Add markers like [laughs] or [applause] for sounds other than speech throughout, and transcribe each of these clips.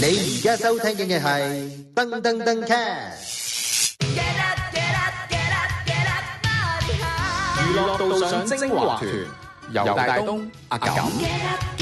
你而家收聽嘅係《噔噔噔 cast》，娛樂道上精華團，由大東、阿感。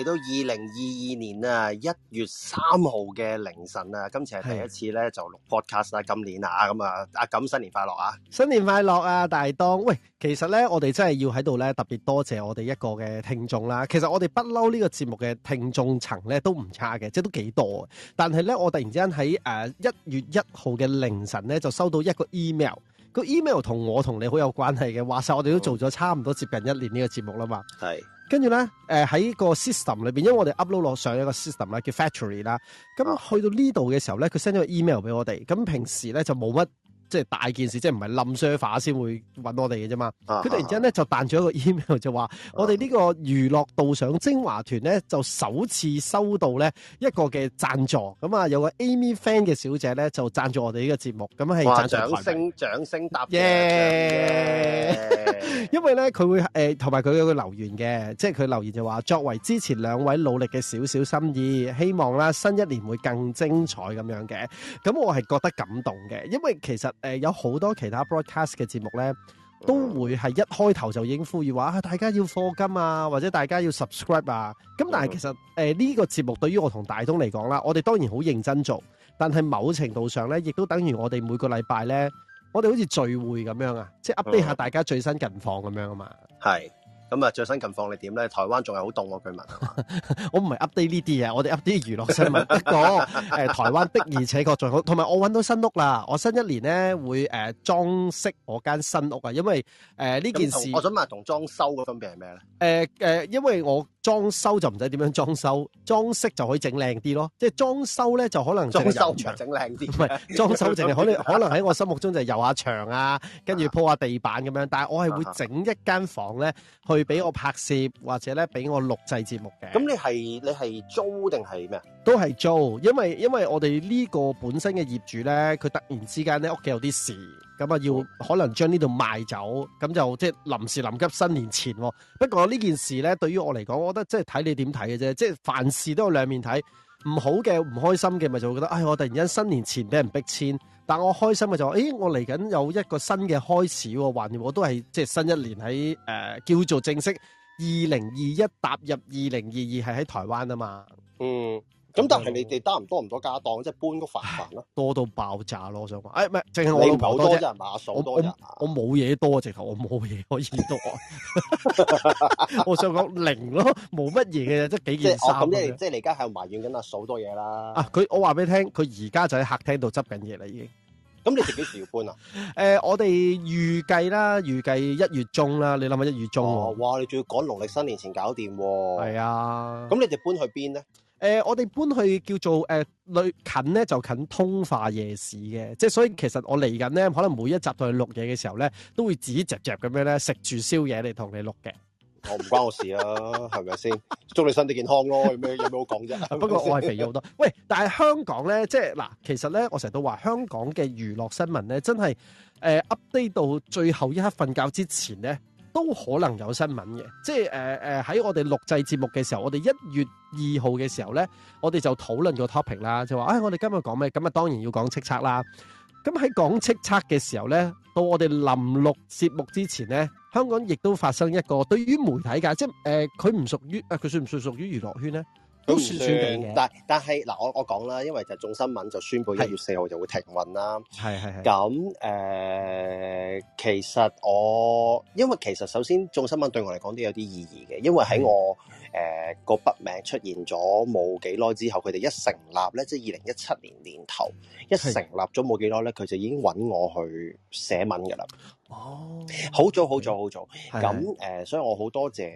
嚟到二零二二年啊一月三號嘅凌晨啊，今次係第一次咧就錄 podcast 啊，今年啊咁啊，阿感新年快樂啊！新年快樂啊，大東喂，其實咧我哋真係要喺度咧特別多謝我哋一個嘅聽眾啦。其實我哋不嬲呢個節目嘅聽眾層咧都唔差嘅，即係都幾多。但係咧我突然之間喺誒一月一號嘅凌晨咧就收到一個 email，個 email 同我同你好有關係嘅。話晒我哋都做咗差唔多接近一年呢個節目啦嘛，係。跟住咧，誒喺、呃、個 system 裏邊，因為我哋 upload 落上一個 system 啦，叫 factory 啦，咁樣去到呢度嘅時候咧，佢 send 咗個 email 俾我哋，咁平時咧就冇乜。即係大件事，即係唔係冧 server 先會揾我哋嘅啫嘛。佢突然之間咧就彈咗一個 email 就話，我哋呢個娛樂道上精華團咧就首次收到咧一個嘅贊助。咁啊，有個 Amy Fan 嘅小姐咧就贊助我哋呢個節目。咁係贊助，掌聲、掌聲答耶！因為咧佢會誒同埋佢有個留言嘅，即係佢留言就話，作為之前兩位努力嘅少少心意，希望啦新一年會更精彩咁樣嘅。咁我係覺得感動嘅，因為其實。誒、呃，有好多其他 broadcast 嘅節目咧，都會係一開頭就已經呼籲話、啊，大家要課金啊，或者大家要 subscribe 啊。咁但係其實誒呢、呃這個節目對於我同大東嚟講啦，我哋當然好認真做，但係某程度上咧，亦都等於我哋每個禮拜咧，我哋好似聚會咁樣啊，即係 update 下大家最新近況咁樣啊嘛。係。咁啊，最新近況你點咧？台灣仲係好凍喎，佢問 [laughs] 。我唔係 update 呢啲嘢，我哋 update 娛樂新聞。不過，誒，台灣的而且確仲好。同埋，我揾到新屋啦，我新一年咧會誒、呃、裝飾我間新屋啊，因為誒呢、呃、件事。我想問同裝修個分別係咩咧？誒、呃呃、因為我。裝修就唔使點樣裝修，裝飾就可以整靚啲咯。即係裝修呢，就可能裝修牆整靚啲，唔係裝修淨係可能 [laughs] 可能喺我心目中就係油下牆啊，跟住鋪下地板咁樣。但係我係會整一間房呢，去俾我拍攝或者呢俾我錄製節目嘅。咁你係你係租定係咩？都係租，因為因為我哋呢個本身嘅業主呢，佢突然之間呢屋企有啲事。咁啊，要可能將呢度賣走，咁就即係臨時臨急新年前。不過呢件事咧，對於我嚟講，我覺得即係睇你點睇嘅啫。即係凡事都有兩面睇，唔好嘅、唔開心嘅，咪就會覺得，唉，我突然間新年前俾人逼遷。但我開心嘅就話，誒、欸，我嚟緊有一個新嘅開始喎。橫掂我都係即係新一年喺誒、呃、叫做正式二零二一踏入二零二二，係喺台灣啊嘛。嗯。咁但係你哋得唔多唔多家當，即係搬個煩煩咯，多到爆炸咯！我想講，誒唔係，淨係我老婆多啫，阿嫂多人，我我冇嘢多啊，直頭我冇嘢可以多，我想講零咯，冇乜嘢嘅，即係幾件衫啫。即係咁，即係即係你而家喺度埋怨緊阿嫂多嘢啦。佢我話俾你聽，佢而家就喺客廳度執緊嘢啦，已經。咁你哋幾時要搬啊？誒，我哋預計啦，預計一月中啦，你諗下一月中。哇，你仲要趕農曆新年前搞掂？係啊。咁你哋搬去邊咧？呃、我哋搬去叫做誒、呃，近咧就近，近通化夜市嘅。即係所以其實我嚟緊咧，可能每一集到係錄嘢嘅時候咧，都會自己直嚼咁樣咧，食住宵夜嚟同你錄嘅。我唔關我事啊，係咪先？祝你身體健康咯，有咩有咩好講啫？ [laughs] 是不過我係肥咗好多。喂，但係香港咧，即係嗱，其實咧，我成日都話香港嘅娛樂新聞咧，真係誒 update 到最後一刻瞓覺之前咧。都可能有新聞嘅，即係喺、呃、我哋錄製節目嘅時候，我哋一月二號嘅時候咧，我哋就討論個 topic 啦，就話、哎、我哋今日講咩？咁啊，當然要講叱咤啦。咁喺講叱咤嘅時候咧，到我哋臨錄節目之前咧，香港亦都發生一個對於媒體界，即係佢唔屬於佢算唔算屬於娛樂圈咧？都算，算，算，但但係嗱，我我講啦，因為就眾新聞就宣佈一月四號就會停運啦。係係係。咁誒、呃，其實我因為其實首先眾新聞對我嚟講都有啲意義嘅，因為喺我誒個、嗯呃、筆名出現咗冇幾耐之後，佢哋一成立咧，即係二零一七年年頭一成立咗冇幾耐咧，佢的就已經揾我去寫文㗎啦。哦，好早好早好早，咁誒的、呃，所以我好多謝誒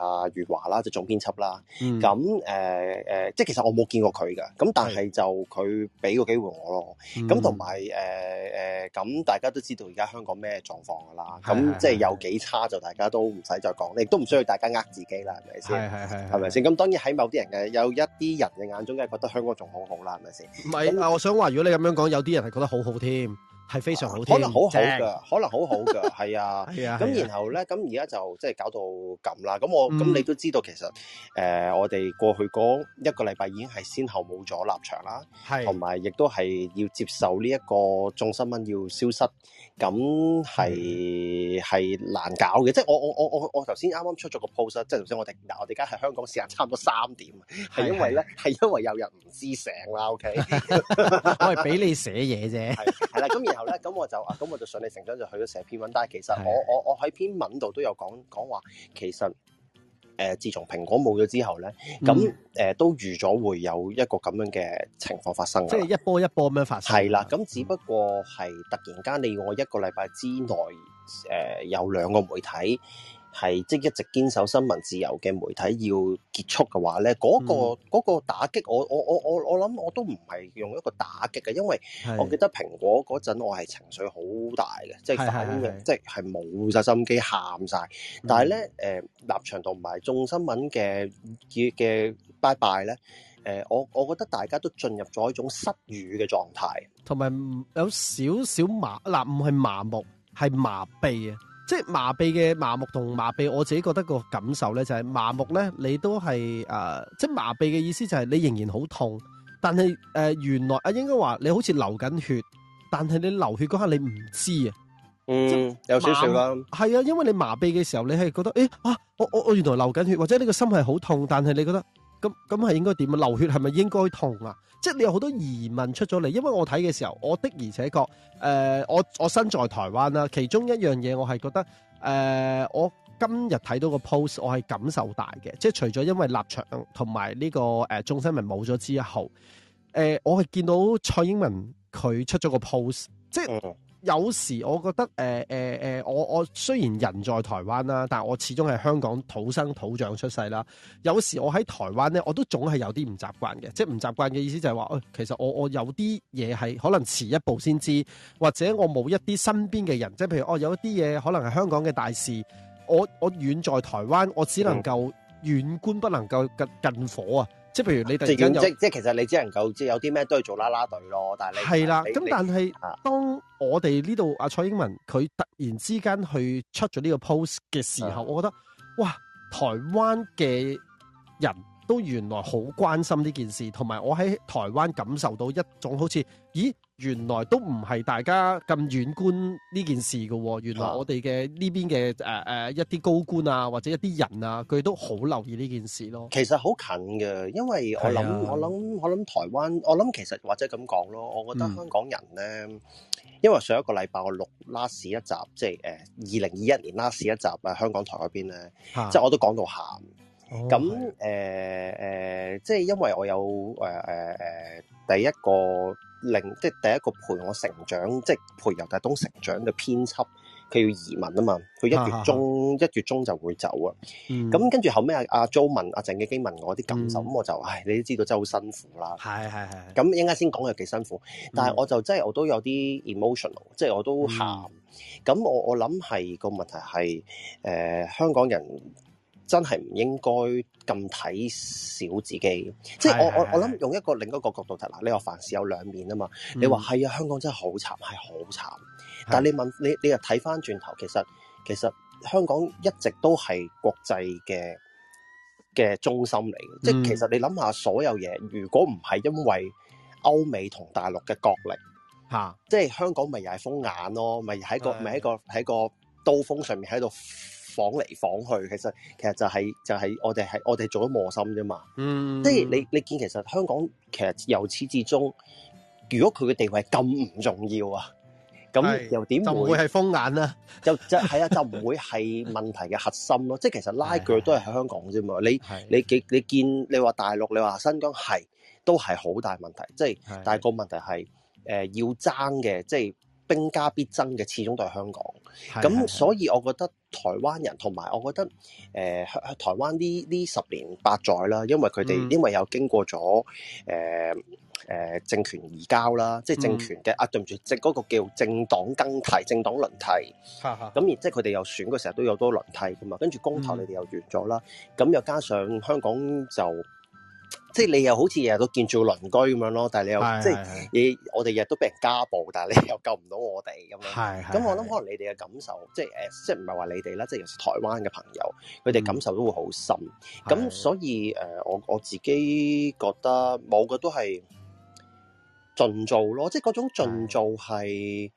阿月華啦，就總編輯啦，咁誒誒，即係其實我冇見過佢噶，咁但係就佢俾個機會我咯，咁同埋誒誒，咁、呃呃、大家都知道而家香港咩狀況噶啦，咁的即係有幾差就大家都唔使再講，的亦都唔需要大家呃自己啦，係咪先？係咪先？咁的當然喺某啲人嘅，有一啲人嘅眼中梗係覺得香港仲好好啦，係咪先？唔係，那我想話如果你咁樣講，有啲人係覺得好好添。係非常好，可能好好噶，可能好好噶，係啊，咁然後咧，咁而家就即係搞到咁啦。咁我咁你都知道，其實誒，我哋過去嗰一個禮拜已經係先後冇咗立場啦，係同埋亦都係要接受呢一個眾新聞要消失，咁係係難搞嘅。即係我我我我我頭先啱啱出咗個 post 啦，即係頭先我哋，嗱我哋而家喺香港時間差唔多三點，係因為咧係因為有人唔知醒啦。OK，我係俾你寫嘢啫，係啦，咁而。然 [laughs] 後咧，咁我就啊，咁我就順理成章就去咗寫篇文。但係其實我的我我喺篇文度都有講講話，其實誒、呃，自從蘋果冇咗之後咧，咁誒、呃、都預咗會有一個咁樣嘅情況發生、嗯、即係一波一波咁樣發生。係啦，咁只不過係突然間你我一個禮拜之內誒、呃、有兩個媒體。係即係一直堅守新聞自由嘅媒體要結束嘅話咧，嗰個、嗯、嗰個打擊我我我我我諗我都唔係用一個打擊嘅，因為我記得蘋果嗰陣我係情緒好大嘅，即係反應即係係冇晒心機喊晒。嗯、但係咧誒，立場同埋眾新聞嘅嘅拜拜咧誒、呃，我我覺得大家都進入咗一種失語嘅狀態，同埋有少少麻嗱，唔係麻木係麻痹啊。即係麻痹嘅麻木同麻痹，我自己覺得個感受咧就係、是、麻木咧，你都係誒、呃，即係麻痹嘅意思就係你仍然好痛，但係誒、呃、原來啊應該話你好似流緊血，但係你流血嗰刻你唔知啊，嗯，即麻，有少少啦，係啊，因為你麻痹嘅時候你係覺得誒啊，我我我原來流緊血，或者你個心係好痛，但係你覺得。咁咁係應該點啊？流血係咪應該痛啊？即係你有好多疑問出咗嚟，因為我睇嘅時候，我的而且確，誒、呃，我我身在台灣啦。其中一樣嘢我係覺得，誒、呃，我今日睇到個 post，我係感受大嘅。即係除咗因為立場同埋呢個誒眾新聞冇咗之後，誒、呃，我係見到蔡英文佢出咗個 post，即係。嗯。有時我覺得誒誒誒，我我雖然人在台灣啦，但我始終係香港土生土長出世啦。有時我喺台灣呢，我都總係有啲唔習慣嘅，即係唔習慣嘅意思就係話，誒其實我我有啲嘢係可能遲一步先知，或者我冇一啲身邊嘅人，即係譬如哦有一啲嘢可能係香港嘅大事，我我遠在台灣，我只能夠遠觀，不能夠近近火啊。嗯即係譬如你突然即有即其實你只能夠即有啲咩都係做啦啦隊咯，但係你係啦。咁但係當我哋呢度阿蔡英文佢突然之間去出咗呢個 post 嘅時候，嗯、我覺得哇，台灣嘅人都原來好關心呢件事，同埋我喺台灣感受到一種好似咦～原來都唔係大家咁遠觀呢件事嘅。哦，原來我哋嘅呢邊嘅誒誒一啲高官啊，或者一啲人啊，佢都好留意呢件事咯。其實好近嘅，因為我諗、啊、我諗我諗台灣，我諗其實或者咁講咯，我覺得香港人咧，嗯、因為上一個禮拜我錄 last 一集，即係誒二零二一年 last 一集誒香港台嗰邊咧，啊、即係我都講到喊咁誒誒，即係因為我有誒誒誒第一個。令即係第一個陪我成長，即係陪游大東成長嘅編輯，佢要移民啊嘛，佢一月中、啊、一月中就會走、嗯、啊。咁跟住後尾啊啊，Jo 問阿鄭紀基，基問我啲感受，咁、嗯、我就唉，你都知道真係好辛苦啦。係係係。咁一陣先講有幾辛苦，但係我就真係我，我都有啲 emotional，即係我都喊。咁、嗯嗯、我我諗係個問題係誒、呃、香港人。真係唔應該咁睇小自己，即係我是是是我我諗用一個另一個角度睇嗱，你話凡事有兩面啊嘛，嗯、你話係啊，香港真係好慘，係好慘，是是但你問你你又睇翻轉頭，其實其實香港一直都係國際嘅嘅中心嚟嘅，即係其實你諗下所有嘢，如果唔係因為歐美同大陸嘅角力、啊、即係香港咪又係風眼咯，咪喺個咪喺是是 個喺個刀鋒上面喺度。晃嚟晃去，其實其實就係、是、就係、是、我哋係我哋做咗磨心啫嘛。嗯，即係你你見其實香港其實由始至終，如果佢嘅地位咁唔重要啊，咁又點？就唔會係風眼啦， [laughs] 就就係啊，就唔會係問題嘅核心咯、啊。 [laughs] 即係其實拉鋸都係喺香港啫嘛的。你你你你見你話大陸你話新疆係都係好大問題，即係的但係個問題係誒、呃、要爭嘅，即係。兵家必爭嘅，始終都係香港咁，所以我覺得台灣人同埋，我覺得誒、呃，台灣呢呢十年八載啦，因為佢哋、嗯、因為有經過咗誒誒政權移交啦，即係政權嘅、嗯、啊，對唔住，即係嗰個叫政黨更替、政黨輪替咁，而哈即係佢哋又選嘅時候都有多輪替㗎嘛，跟住公投你哋又完咗啦，咁、嗯、又加上香港就。即係你又好似日日都見住鄰居咁樣咯，但係你又即係你，我哋日日都俾人家暴，但係你又救唔到我哋咁樣。係係咁，我諗可能你哋嘅感受，即係誒，即係唔係話你哋啦，即係其實台灣嘅朋友佢哋感受都會好深。咁所以誒，我我自己覺得冇嘅都係盡做咯，即係嗰種盡做係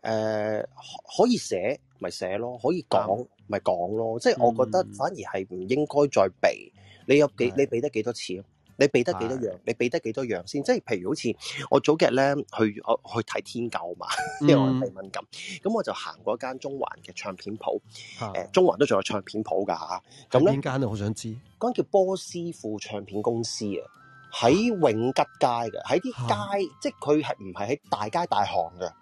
誒可以寫咪寫咯，可以講咪講咯。即係我覺得反而係唔應該再避。你有幾你避得幾多次啊？你畀得幾多樣？的你畀得幾多樣先？即係譬如好似我早幾日咧，去我去睇天狗嘛，因為我係敏感。咁我就行過一間中環嘅唱片鋪，誒的中環都仲有唱片鋪㗎嚇。咁邊間啊？好、嗯、想知道。嗰間叫波斯富唱片公司啊，喺永吉街嘅，喺啲街，是的即係佢係唔係喺大街大巷㗎？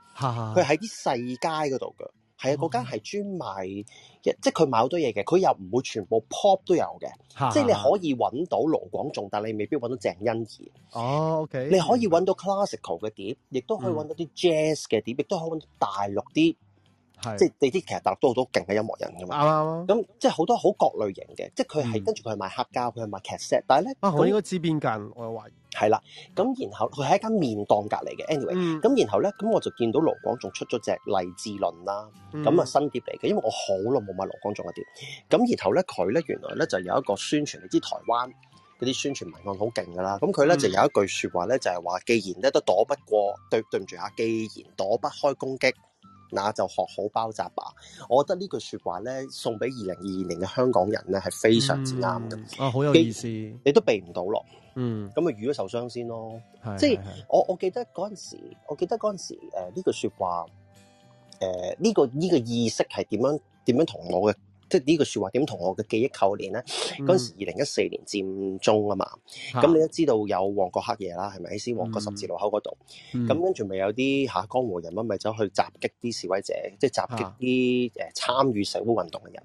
佢喺啲細街嗰度㗎。係啊，嗰間係專賣，即係佢買好多嘢嘅。佢又唔會全部 pop 都有嘅，即係你可以揾到盧廣仲，但係你未必揾到鄭欣宜。哦，OK，你可以揾到 classical 嘅碟，亦都可以揾到啲 jazz 嘅碟，亦都可以揾大陸啲，即係你知其實大陸都好多勁嘅音樂人嘅嘛。啱啊，咁即係好多好各類型嘅，即係佢係跟住佢係賣黑膠，佢係賣 cassette，但係咧，我應該知邊間，我有懷疑。係啦，咁然後佢係一間麵檔隔離嘅，anyway，咁、嗯、然後咧，咁我就見到盧廣仲出咗隻《勵志論》啦，咁啊新碟嚟嘅，因為我好耐冇買盧廣仲嘅碟。咁然後咧，佢咧原來咧就有一個宣傳，你知台灣嗰啲宣傳文案好勁噶啦。咁佢咧就有一句說話咧，就係、是、話，既然咧都躲不過，對對唔住啊，既然躲不開攻擊。那就學好包紮吧。我覺得這句呢句說話咧，送俾二零二二年嘅香港人咧，係非常之啱嘅。啊，好有意思！你，你都避唔到咯，嗯，咁咪，預咗受傷先咯。的即係我，我記得嗰陣時，我記得嗰陣時，呢、呃、句說話，誒、呃、呢、這個依、這個意識係點樣點樣同我嘅。即係呢個説話點同我嘅記憶扣連咧？嗰陣、嗯、時二零一四年佔中啊嘛，咁、嗯、你都知道有旺角黑夜啦，係咪先？喺旺角十字路口嗰度，咁、嗯、跟住咪有啲嚇、啊、江湖人啦，咪、就是、走去襲擊啲示威者，即係襲擊啲誒參與社會運動嘅人。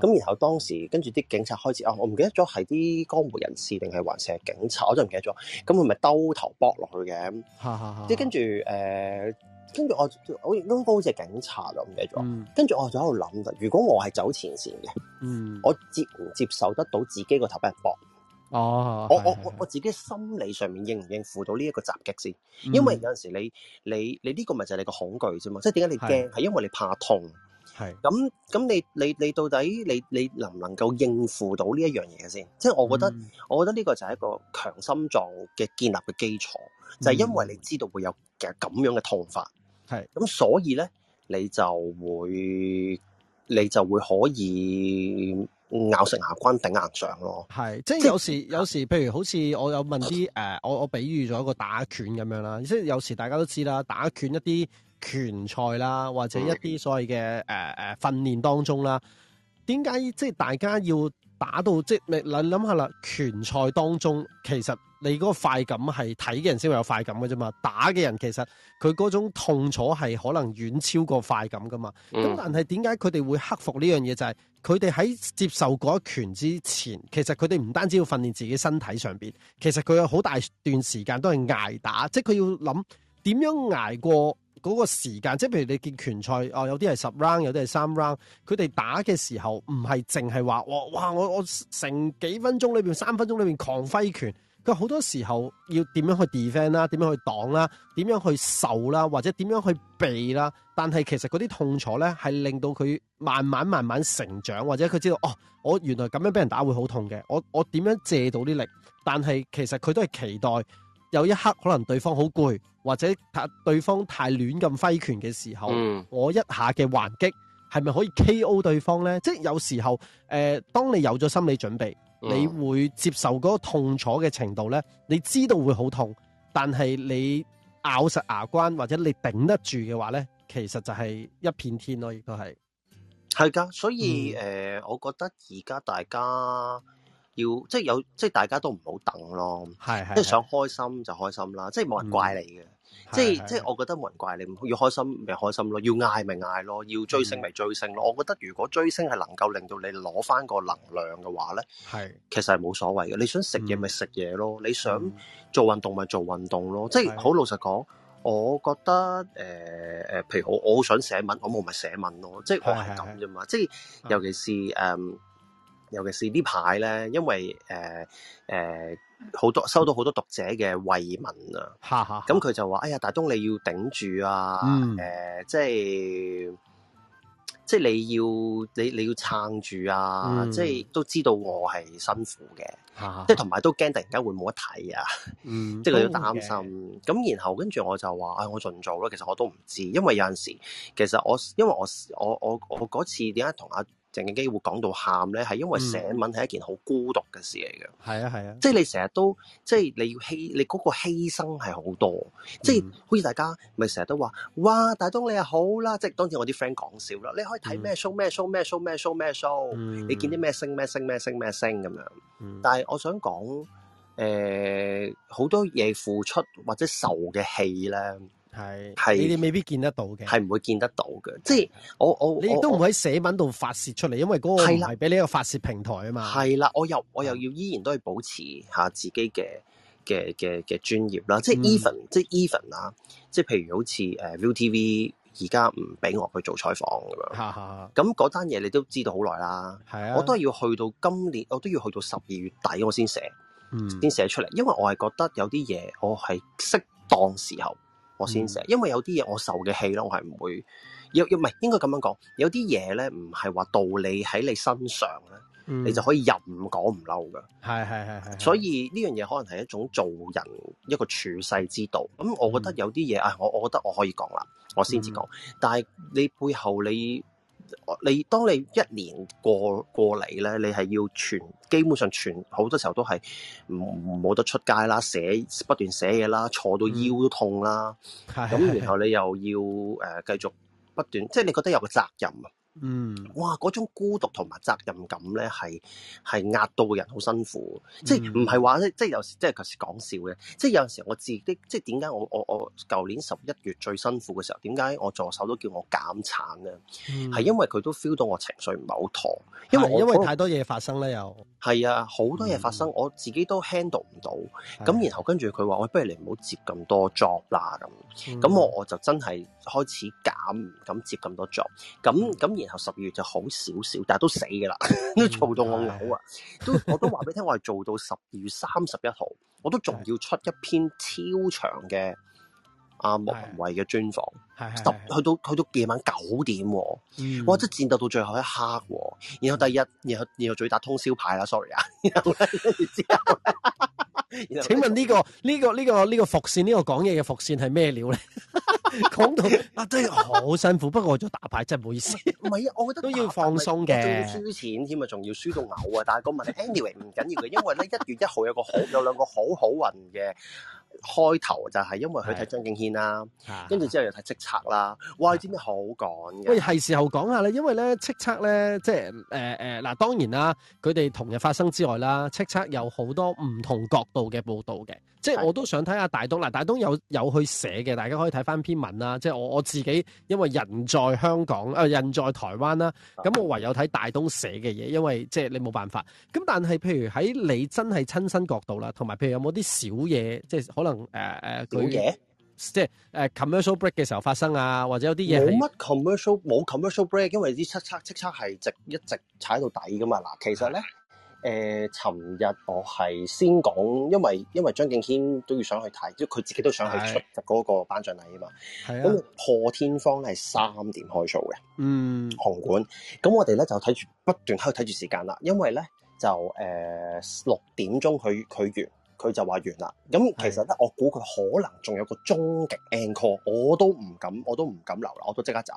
咁、嗯、然後當時跟住啲警察開始，啊、我唔記得咗係啲江湖人士定係還是係警察，我都唔記得咗。咁佢咪兜頭搏落去嘅，即係、嗯嗯、跟住誒。呃跟住我，我應該好似警察咯，唔記得咗、嗯。跟住我就喺度諗，如果我係走前線嘅，嗯、我接唔接受得到自己個頭俾人搏？哦，我是是是我我我自己心理上面應唔應付到呢一個襲擊先？嗯、因為有陣時你你你呢個咪就係你個恐懼啫嘛。即係點解你驚？係是因為你怕痛。咁咁是，你你你到底你你能唔能夠應付到呢一樣嘢先？嗯、即係我覺得，我覺得呢個就係一個強心臟嘅建立嘅基礎，就係、是、因為你知道會有其實咁樣嘅痛法。係，咁是所以咧，你就會你就會可以咬食牙關頂硬上咯。係，即係有時是有時，譬如好似我有問啲誒、呃，我我比喻咗一個打拳咁樣啦。即係有時大家都知啦，打拳一啲拳賽啦，或者一啲所謂嘅誒誒訓練當中啦，點解即係大家要？打到即你諗諗下啦，拳賽當中其實你嗰個快感係睇嘅人先會有快感嘅啫嘛，打嘅人其實佢嗰種痛楚係可能遠超過快感噶嘛。咁、嗯、但係點解佢哋會克服呢樣嘢？就係佢哋喺接受嗰一拳之前，其實佢哋唔單止要訓練自己身體上邊，其實佢有好大段時間都係挨打，即係佢要諗點樣挨過。嗰個時間，即係譬如你見拳賽，哦，有啲係十 round，有啲係三 round，佢哋打嘅時候唔係淨係話，哇，我我成幾分鐘裏面，三分鐘裏面狂揮拳。佢好多時候要點樣去 defend 啦，點樣去擋啦，點樣去受啦，或者點樣去避啦。但係其實嗰啲痛楚咧，係令到佢慢慢慢慢成長，或者佢知道，哦，我原來咁樣俾人打會好痛嘅，我我點樣借到啲力？但係其實佢都係期待有一刻可能對方好攰。或者啊，對方太亂咁揮拳嘅時候，嗯、我一下嘅還擊係咪可以 K.O. 對方呢？即係有時候，誒、呃，當你有咗心理準備，嗯、你會接受嗰個痛楚嘅程度呢，你知道會好痛，但係你咬實牙關或者你頂得住嘅話呢，其實就係一片天咯，亦都係。係㗎，所以、嗯呃、我覺得而家大家。要即係有，即係大家都唔好等咯。係即係想開心就開心啦。即係冇人怪你嘅，即係即係我覺得冇人怪你。要開心咪開心咯，要嗌咪嗌咯，要追星咪追星咯。我覺得如果追星係能夠令到你攞翻個能量嘅話咧，係其實係冇所謂嘅。你想食嘢咪食嘢咯，你想做運動咪做運動咯。即係好老實講，我覺得誒誒，譬如我好想寫文，我冇咪寫文咯。即係我係咁啫嘛。即係尤其是誒。尤其是呢排咧，因為誒誒好多收到好多讀者嘅慰問啊，咁佢 [laughs] 就話：哎呀，大東你要頂住啊！誒、嗯呃，即係即係你要你你要撐住啊！嗯、即係都知道我係辛苦嘅， [laughs] 即係同埋都驚突然間會冇得睇啊！即係佢要擔心。咁的然後跟住我就話：哎，我盡做啦。其實我都唔知，因為有陣時其實我因為我我我我嗰次點解同阿？鄭敬基會講到喊咧，係因為寫文係一件好孤獨嘅事嚟嘅。係啊係啊，即係你成日都，即係你要犧，你嗰個犧牲係好多。即係好似大家咪成日都話，哇大東你又好啦，即係當時我啲 friend 講笑啦。你可以睇咩 show 咩、嗯、show 咩 show 咩 show 咩 show，、嗯、你見啲咩星咩星咩星咩星咁樣。嗯、但係我想講，誒、呃，好多嘢付出或者受嘅氣咧。係，你未必見得到嘅，係唔會見得到嘅。即係的、就是、我我你亦都唔喺寫文度發洩出嚟，是的因為嗰個唔係俾你一個發洩平台啊嘛。係啦，我又我又要依然都係保持下自己嘅嘅嘅嘅專業啦。嗯、即係 even 即係 even 啊，即係譬如好似誒 ViuTV 而家唔俾我去做採訪咁樣，咁嗰單嘢你都知道好耐啦。係啊的，我都係要去到今年，我都要去到十二月底我先寫，先寫、嗯、出嚟，因為我係覺得有啲嘢我係適當時候。我先寫，因為有啲嘢我受嘅氣咧，我係唔會，有有唔係應該咁樣講，有啲嘢咧唔係話道理喺你身上咧，嗯、你就可以入唔講唔嬲㗎。係係係係，所以呢樣嘢可能係一種做人一個處世之道。咁我覺得有啲嘢啊，我我覺得我可以講啦，我先至講，嗯、但係你背後你。你當你一年過過嚟咧，你係要全，基本上全好多時候都係唔冇得出街啦，寫不斷寫嘢啦，坐到腰都痛啦，咁、嗯、然後你又要誒、呃、繼續不斷，即係你覺得有個責任啊。嗯，哇，嗰種孤獨同埋責任感咧，係係壓到個人好辛苦，嗯即唔係話，即係唔係話咧，即係有時即係其實講笑嘅，即係有陣時我自己即係點解我我我舊年十一月最辛苦嘅時候，點解我助手都叫我減產咧？係、嗯、因為佢都 feel 到我情緒唔係好妥，因為因為太多嘢發生咧又係啊，好多嘢發生，嗯、我自己都 handle 唔到，咁、嗯、然後跟住佢話，我不如你唔好接咁多 job 啦，咁咁我我就真係開始減，唔敢接咁多 job，咁咁然。十二月就好少少，但係都死噶啦，嘈到、嗯、 [laughs] 我嘔啊！的都我都話俾你聽，我係做到十二月三十一號，我都仲 [laughs] 要出一篇超長嘅阿莫文蔚嘅專訪，係去的到去到夜晚九點，嗯，哇，真係戰鬥到最後一刻，然後第二日，然後然後再打通宵牌啦，sorry 啊，然後咧，之後。 [laughs] 請問呢、這個呢、這個呢、這個呢、這個伏線呢、這個講嘢嘅伏線係咩料咧？講 [laughs] [laughs] 到啊真係好辛苦，不過我咗打,打牌真係唔好意思。唔係啊，我覺得都要放鬆嘅，仲要輸錢添啊，仲要輸到嘔啊！但係個問題，anyway 唔緊要嘅，因為咧一月一號有個好有兩個好好運嘅。 [laughs] 開頭就係因為佢睇張敬軒啦，跟住之後又睇《叱咤》啊啦，哇！有啲咩好講嘅？喂，係時候講下咧，因為咧《叱咤》咧，即係誒誒嗱，當然啦，佢哋同日發生之外啦，《叱咤》有好多唔同角度嘅報導嘅。即係我都想睇下大東，嗱，大東有有去寫嘅，大家可以睇返篇文啦。即係我我自己，因為人在香港啊、呃，人在台灣啦，咁我唯有睇大東寫嘅嘢，因為即係你冇辦法。咁但係譬如喺你真係親身角度啦，同埋譬如有冇啲小嘢，即係可能誒誒嘢即係、呃、commercial break 嘅時候發生啊，或者有啲嘢冇乜 commercial 冇 commercial break，因為啲七叉七叉係直一直踩到底㗎嘛。嗱，其實咧。誒，尋日、呃、我係先講，因為因為張敬軒都要想去睇，即佢自己都想去出席嗰個頒獎禮啊嘛。係啊的，咁破天荒咧，係三點開數嘅，嗯，紅館。咁我哋咧就睇住不斷喺度睇住時間啦，因為咧就誒六、呃、點鐘佢佢完，佢就話完啦。咁其實咧，的我估佢可能仲有個終極 encore，我都唔敢，我都唔敢留啦，我都即刻走，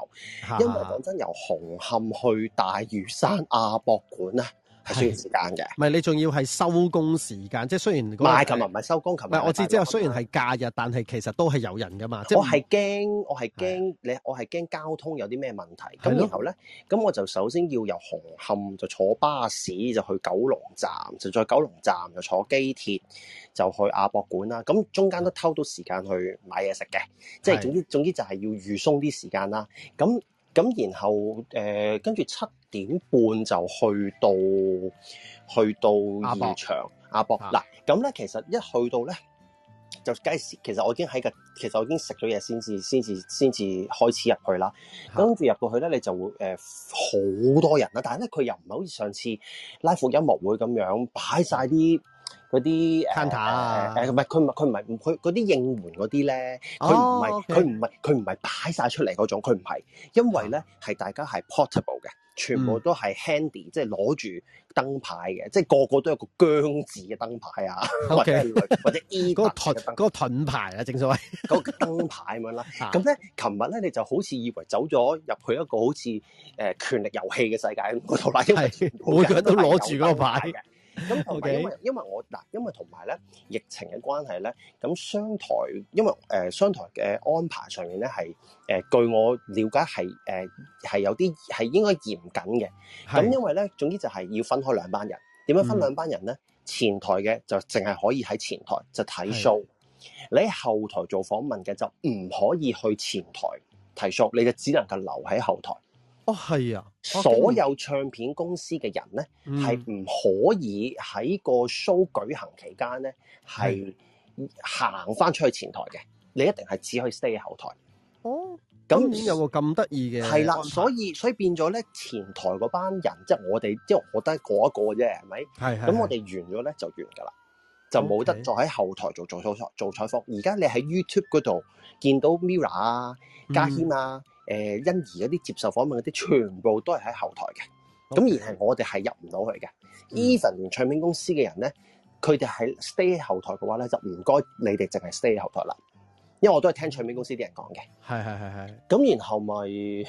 的因為講真，由紅磡去大嶼山亞博館啊！係需要是時間嘅，唔係你仲要係收工時間，即係雖然琴日唔係收工琴日，我知道，之後雖然係假日，但係其實都係有人噶嘛。我係驚的，我係驚你，我係驚交通有啲咩問題。咁的然後咧，咁我就首先要由紅磡就坐巴士就去九龍站，就再九龍站就坐機鐵就去亞博館啦。咁中間都偷到時間去買嘢食嘅，的即係總之總之就係要預鬆啲時間啦。咁咁然後誒、呃，跟住七。點半就去到去到現場，阿博嗱咁咧。其實一去到咧，就計時。其實我已經喺個，其實我已經食咗嘢先至，先至先至開始入去啦。跟住入到去咧，你就會誒好、呃、多人啦。但係咧，佢又唔係好似上次拉 i 音樂會咁樣擺晒啲嗰啲 counter 唔係佢唔佢唔係佢嗰啲應援嗰啲咧，佢唔係佢唔係佢唔係擺晒出嚟嗰種，佢唔係，因為咧係、啊、大家係 portable 嘅。全部都係 handy，即係攞住燈牌嘅，嗯、即係個個都有個姜字嘅燈牌啊，okay, 或者或者 E 個盾，個盾牌啊，正所謂嗰個燈牌咁樣啦。咁咧， [laughs] 琴日咧，你就好似以為走咗入去一個好似誒、呃、權力遊戲嘅世界咁，嗰度嚟，因為每個人都攞住嗰個牌嘅。咁同因，Okay. 因為我嗱，因為同埋咧，疫情嘅關係咧，咁商台因為誒商、呃、台嘅安排上面咧，係誒、呃、據我了解係誒係有啲係應該嚴謹嘅。咁是因為咧，總之就係要分開兩班人。點樣分兩班人咧？嗯、前台嘅就淨係可以喺前台就睇 show< 是>，你喺後台做訪問嘅就唔可以去前台提 show，你就只能夠留喺後台。哦，係啊！啊所有唱片公司嘅人咧，係唔、嗯、可以喺個 show 舉行期間咧，係行翻出去前台嘅。你一定係只可以 stay 後台。哦，咁那有個咁得意嘅係啦，所以所以變咗咧，前台嗰班人即係、就是、我哋，即係我得嗰一個啫，係咪？係係。咁我哋完咗咧就完㗎啦，就冇得 Okay. 再喺後台做做採做採訪。而家你喺 YouTube 嗰度見到 Mirror 啊、嘉軒啊。嗯誒、呃、欣兒嗰啲接受訪問嗰啲，全部都係喺後台嘅，咁而係我哋係入唔到去嘅。Even、嗯、唱片公司嘅人咧，佢哋係 stay 後台嘅話咧，就唔該你哋淨係 stay 後台啦，因為我都係聽唱片公司啲人講嘅。咁然後咪誒、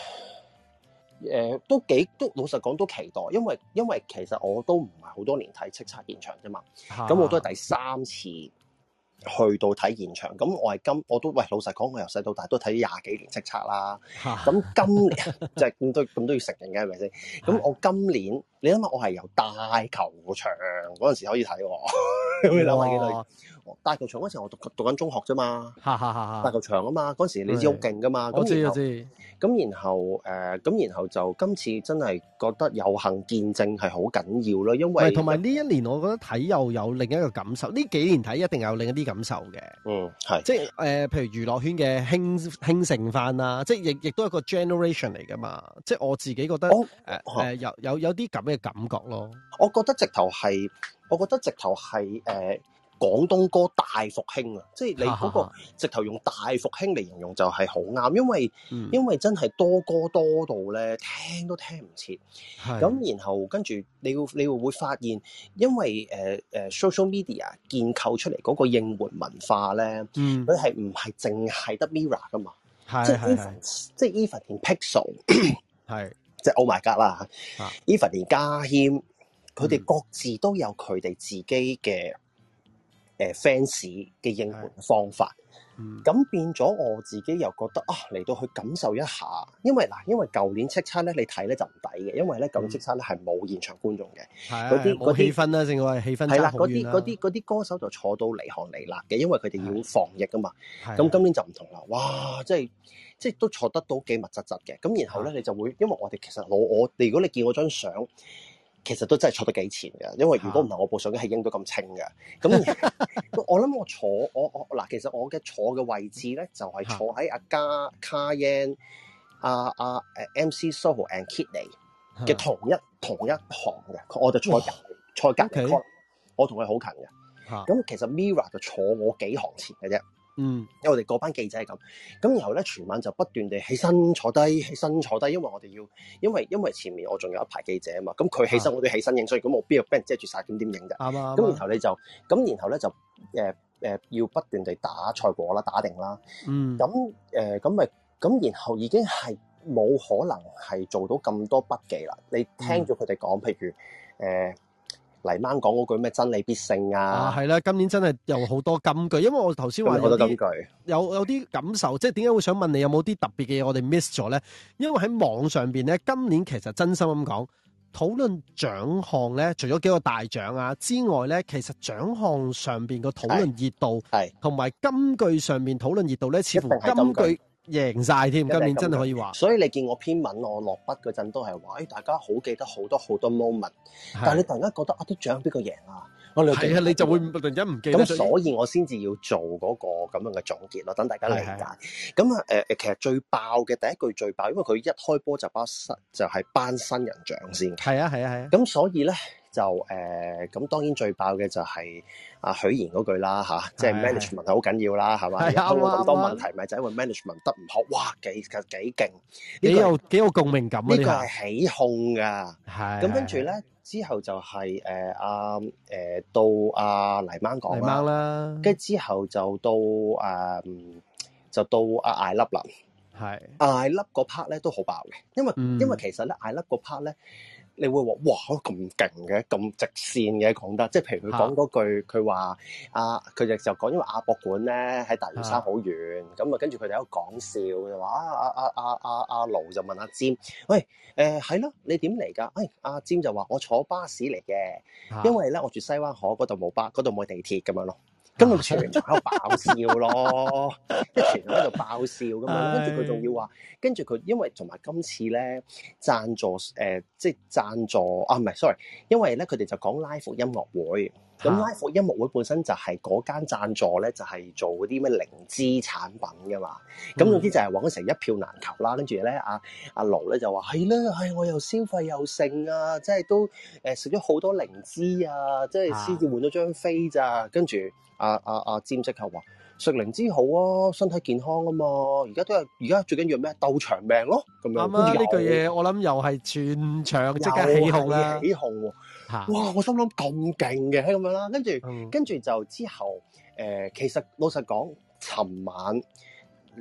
呃、都幾都老實講都期待，因為因為其實我都唔係好多年睇叱咤現場啫嘛，咁、啊、我都係第三次。去到睇現場，咁我係今我都喂老實講，我由細到大都睇廿幾年叱咤啦。咁哈今年即係咁多咁都要承認嘅，係咪先？咁我今年你諗下，我係由大球場嗰陣時可以睇喎，咁 [laughs] 你諗下幾耐？哦大球場嗰時我讀讀緊中學啫嘛， [laughs] 大球場啊嘛，嗰時你知好勁噶嘛，咁然後咁然後誒咁然,然,、呃、然後就今次真係覺得有幸見證係好緊要咯，因為同埋呢一年我覺得睇又有另一個感受，呢幾年睇一定有另一啲感受嘅，嗯係，是即係誒、呃，譬如娛樂圈嘅興興盛翻啊，即係亦亦都係個 generation 嚟噶嘛，即係我自己覺得誒誒、哦呃、有有有啲咁嘅感覺咯，我覺得直頭係，我覺得直頭係誒。呃廣東歌大復興啊！即係你嗰個直頭用大復興嚟形容就係好啱，因為、嗯、因為真係多歌多到咧聽都聽唔切。咁、嗯、然後跟住你會你會會發現，因為誒誒 social media 建構出嚟嗰個應援文化咧，佢係唔係淨係得 Mirror 噶嘛？即係、嗯、是 Even，即係 Even 連 Pixel，即係 Oh My God 啦是！Even 連家謙，佢哋、嗯、各自都有佢哋自己嘅。誒 fans 嘅應援方法，咁、嗯、變咗我自己又覺得啊，嚟到去感受一下，因為嗱，因為舊年叱咤咧，你睇咧就唔抵嘅，因為咧舊年叱咤咧係冇現場觀眾嘅，嗰啲嗰啲氣氛咧、啊，正話氣氛差好遠啦、啊。係嗰啲啲啲歌手就坐到離行離辣嘅，因為佢哋要防疫啊嘛。咁的今年就唔同啦，是的哇，即係即係都坐得到幾密窒窒嘅。咁的然後咧，你就會因為我哋其實我我哋如果你見我張相。其實都真係坐得幾前嘅，因為如果唔係我部相機係影到咁清嘅。咁 [laughs] 我諗我坐我我嗱，其實我嘅坐嘅位置咧就係、是、坐喺阿加卡恩、阿阿誒 MC Soho and Kidney 嘅同一、啊、同一行嘅，我就坐在、哦、坐隔籬，Okay? 我同佢好近嘅。咁、啊、其實 Mirror 就坐我幾行前嘅啫。嗯，因為我哋嗰班記者係咁，咁然後咧，全晚就不斷地起身坐低，起身坐低，因為我哋要，因為因為前面我仲有一排記者啊嘛，咁佢起身，我哋起身影，所以咁我邊度俾人遮住晒點點影㗎？啱啊！咁、啊、然後你就，咁然後咧就，後就、呃呃，要不斷地打賽果啦，打定啦。嗯。咁咁咪，咁、呃、然後已經係冇可能係做到咁多筆記啦。你聽咗佢哋講，嗯、譬如誒。呃黎猛講嗰句咩真理必勝啊！係啦，啊，今年真係有好多金句，因為我頭先話有好多金句，有有啲感受，即係點解會想問你有冇啲特別嘅嘢我哋 miss 咗咧？因為喺網上邊咧，今年其實真心咁講，討論獎項咧，除咗幾個大獎啊之外咧，其實獎項上邊個討論熱度係同埋金句上面討論熱度咧，似乎金句。金句贏晒添，今年真係可以話。所以你見我篇文，我落筆嗰陣都係話，誒，大家好記得好多好多 moment，的但係你突然間覺得啊，都獎邊個贏啦？係啊，你就會突然間唔記得，所以我先至要做嗰個咁樣嘅總結咯，等大家理解。咁啊的，誒、呃，其實最爆嘅第一句最爆，因為佢一開波就班新就係頒新人獎先。係啊，係啊，係啊。咁所以咧。就誒，咁當然最爆嘅就係阿許賢嗰句啦，吓，即係 management 好緊要啦，係嘛？好多問題咪就係因為 management 得唔好，哇，幾其實幾勁。幾有幾有共鳴感，呢個係起哄噶，係。咁跟住咧，之後就係誒阿誒到阿黎媽講啦，跟住之後就到誒就到阿艾粒啦，係。艾粒個 part 咧都好爆嘅，因為因為其實咧艾粒個 part 咧。你會話哇，咁勁嘅，咁直線嘅講得，即係譬如佢講嗰句，佢話阿佢哋就講，因為亞博館咧喺大嶼山好遠，咁啊跟住佢哋喺度講笑，就話阿阿阿阿阿阿盧就問阿詹：「喂誒係啦，你點嚟㗎？誒阿詹就話我坐巴士嚟嘅，啊、因為咧我住西灣河嗰度冇巴士，嗰度冇地鐵咁樣咯。咁就、啊、全場喺度爆笑咯， [laughs] 全場喺度爆笑咁樣， [laughs] 跟住佢仲要話，跟住佢因為同埋今次咧贊助、呃、即係贊助啊，唔係，sorry，因為咧佢哋就講 live 音樂會。咁 Live 音樂會本身就係嗰間贊助咧，就係、是、做嗰啲咩靈芝產品噶嘛。咁總之就係揾成一票難求啦。跟住咧，阿阿盧咧、啊啊、就話係啦，係、哎、我又消費又剩啊，即係都食咗好多靈芝啊，即係先至換咗張飛咋。跟住阿阿阿詹職級話食靈芝好啊，身體健康啊嘛。而家都係而家最緊要咩？鬥長命咯。咁樣呢句嘢我諗又係全場即刻起鬨啦。哇！我心諗咁勁嘅係咁樣啦，跟住、嗯、跟住就之後、呃，其實老實講，尋晚、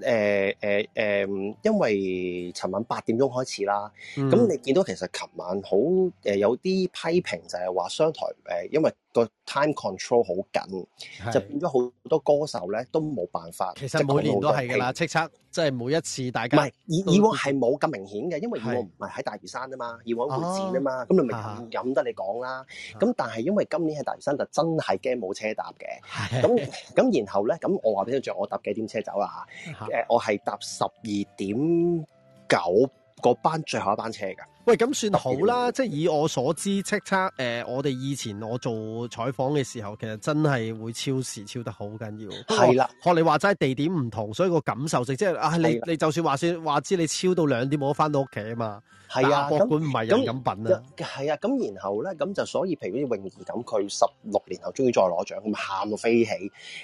呃呃呃、因為尋晚八點鐘開始啦，咁、嗯、你見到其實尋晚好、呃、有啲批評就係話商台、呃、因為。個 time control 好緊，是就變咗好多歌手咧都冇辦法。其實每年都係㗎啦，即測即係每一次大家唔係以以往係冇咁明顯嘅，因為以往唔係喺大嶼山啊嘛，是以往好錢啊嘛，咁噢你咪任得你講啦。咁的但係因為今年喺大嶼山就真係驚冇車搭嘅，咁咁然後咧，咁我話俾你聽，我搭幾點車走啊？的呃，我係搭十二點九嗰班最後一班車㗎。喂，咁算好啦，即係以我所知叱咤、呃，我哋以前我做採訪嘅時候，其實真係會超時超得好緊要。係啦的，學你話齋地點唔同，所以個感受性即係啊，你的你就算話算話知你超到兩點，冇得翻到屋企啊嘛。係啊的，博館唔係人咁品啊。係啊，咁然後咧，咁就所以譬如啲泳兒咁，佢十六年後終於再攞獎，咁喊到飛起。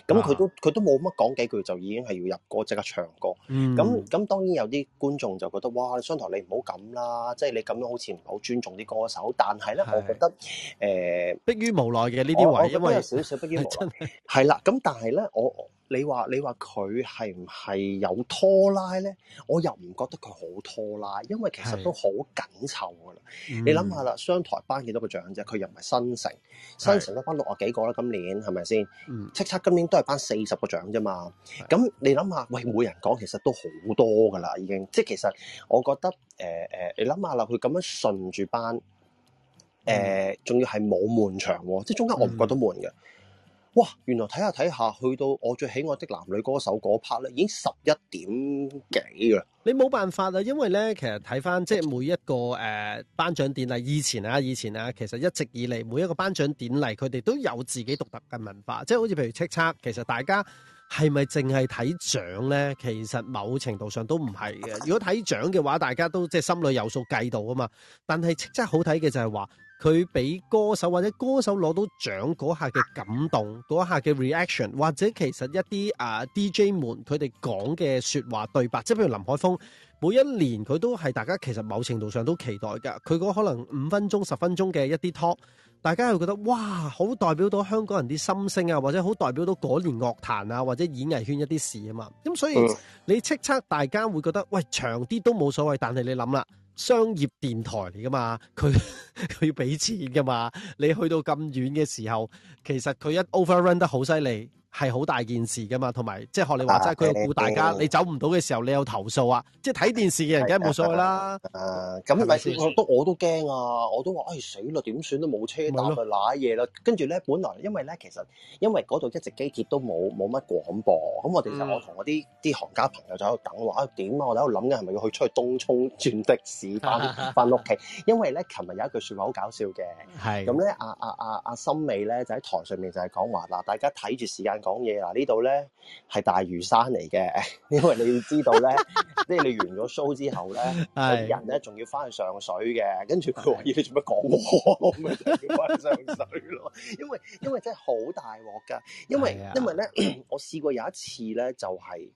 咁佢都佢、啊、都冇乜講幾句，就已經係要入歌即刻唱歌。咁咁、嗯、當然有啲觀眾就覺得哇，商台你唔好咁啦，即、就、係、是、你。咁樣好似唔係好尊重啲歌手，但係咧，我覺得誒，迫於無奈嘅呢啲位，因為有少少迫於無奈，係啦真的。咁但係咧，我。你話你話佢係唔係有拖拉咧？我又唔覺得佢好拖拉，因為其實都好緊湊噶啦。嗯、你諗下啦，商台頒幾多個獎啫？佢又唔係新城，新城都頒六十幾個啦。今年係咪先？叱咤、嗯、今年都係頒四十個獎啫嘛。咁是你諗下，喂，每人講其實都好多噶啦，已經。即係其實我覺得，誒、呃、誒、呃，你諗下啦，佢咁樣順住頒，誒、呃，仲、嗯、要係冇悶場喎，即係中間我唔覺得悶嘅。嗯哇！原來睇下睇下去到我最喜愛的男女歌手嗰 part 咧，已經十一點幾啦。你冇辦法啦，因為咧，其實睇翻即係每一個誒頒獎典禮以前啊，以前啊，其實一直以嚟每一個頒獎典禮，佢哋都有自己獨特嘅文化。即係好似譬如《叱咤》，其實大家係咪淨係睇獎呢？其實某程度上都唔係嘅。如果睇獎嘅話，大家都即係心裏有數計到啊嘛。但係《叱咤》好睇嘅就係話。佢俾歌手或者歌手攞到獎嗰下嘅感動，嗰下嘅 reaction，或者其實一啲啊、uh, DJ 們佢哋講嘅說話對白，即係譬如林海峰，每一年佢都係大家其實某程度上都期待㗎，佢嗰可能五分鐘、十分鐘嘅一啲 talk，大家又覺得哇，好代表到香港人啲心聲啊，或者好代表到嗰年樂壇啊，或者演藝圈一啲事啊嘛，咁、嗯、所以你叱咤，大家會覺得喂長啲都冇所謂，但係你諗啦。商業電台嚟㗎嘛，佢佢要畀錢㗎嘛，你去到咁遠嘅時候，其實佢一 overrun 得好犀利。係好大件事噶嘛，同埋即係學你話齋，佢有顧大家。你走唔到嘅時候，你有投訴啊！即係睇電視嘅人，梗係冇所謂啦。誒，咁係咪事？先，都我都驚啊！我都話：哎，死啦，點算都冇車搭去瀨嘢啦！跟住咧，本來因為咧，其實因為嗰度一直機鐵都冇冇乜廣播。咁我哋就我同我啲啲行家朋友就喺度等話：啊點啊？我哋喺度諗緊係咪要去出去東涌轉的士翻翻屋企？因為咧，琴日有一句說話好搞笑嘅。係咁咧，阿阿阿阿森美咧就喺台上面就係講話嗱，大家睇住時間。講嘢啦，呢度咧係大嶼山嚟嘅，因為你要知道咧，即係 [laughs] 你完咗 show 之後咧，人咧仲要翻去上水嘅。 [laughs] 跟住佢話要你做乜講我咪啊？要翻去上水咯，因為因為真係好大鑊噶，因為的、啊、因為咧我試過有一次咧，就係、是、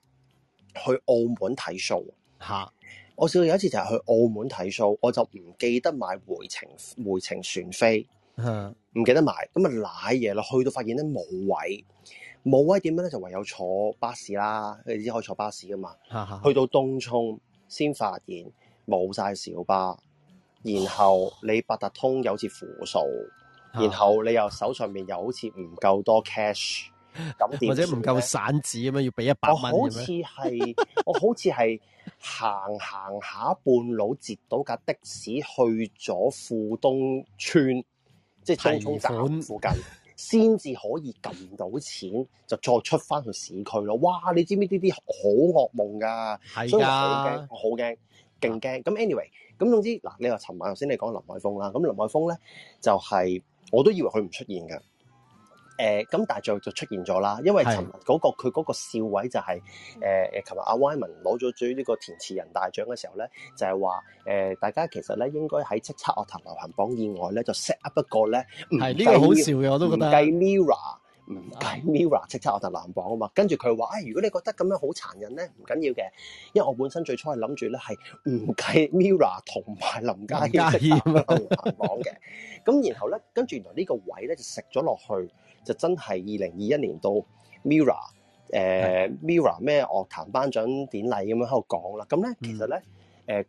去澳門睇 show 吓哈。我試過有一次就係去澳門睇 show，我就唔記得買回程回程船飛，唔哈記得買咁啊，瀨嘢啦，去到發現咧冇位。冇位點樣咧，就唯有坐巴士啦。你知可以坐巴士噶嘛？ [laughs] 去到東涌先發現冇晒小巴，然後你八達通又好似負數， [laughs] 然後你又手上面又好似唔夠多 cash，或者唔夠散紙咁樣要俾一百蚊。我好似係 [laughs] 我好似係行行下半路，截到架的士去咗富東村，即係東涌站附近。先至可以撳到錢，就再出翻去市區咯。哇！你知唔知呢啲好惡夢㗎？係的啊，好驚，我好驚，勁驚。咁 anyway，咁總之嗱，你話尋晚頭先你講林海峰啦，咁林海峰咧就係、係、我都以為佢唔出現㗎。誒咁，但係、呃、就出現咗啦，因為琴日嗰個佢嗰個笑位就係誒誒，琴日的、呃、阿 Wyman 攞咗最呢個填詞人大獎嘅時候咧，就係話誒，大家其實咧應該喺叱吒樂壇流行榜以外咧，就 set up 一個咧，唔計、這個、計 mirror 唔計 mirror 叱吒樂壇流行榜啊嘛。跟住佢話誒，如果你覺得咁樣好殘忍咧，唔緊要嘅，因為我本身最初係諗住咧係唔計 mirror 同埋林家謙咁樣流行榜嘅。咁然後咧，跟住原來呢個位咧就食咗落去。就真係二零二一年到 Mirror,、呃、的 Mirror，誒 Mirror 咩樂壇頒獎典禮咁樣喺度講啦。咁咧、嗯、其實咧，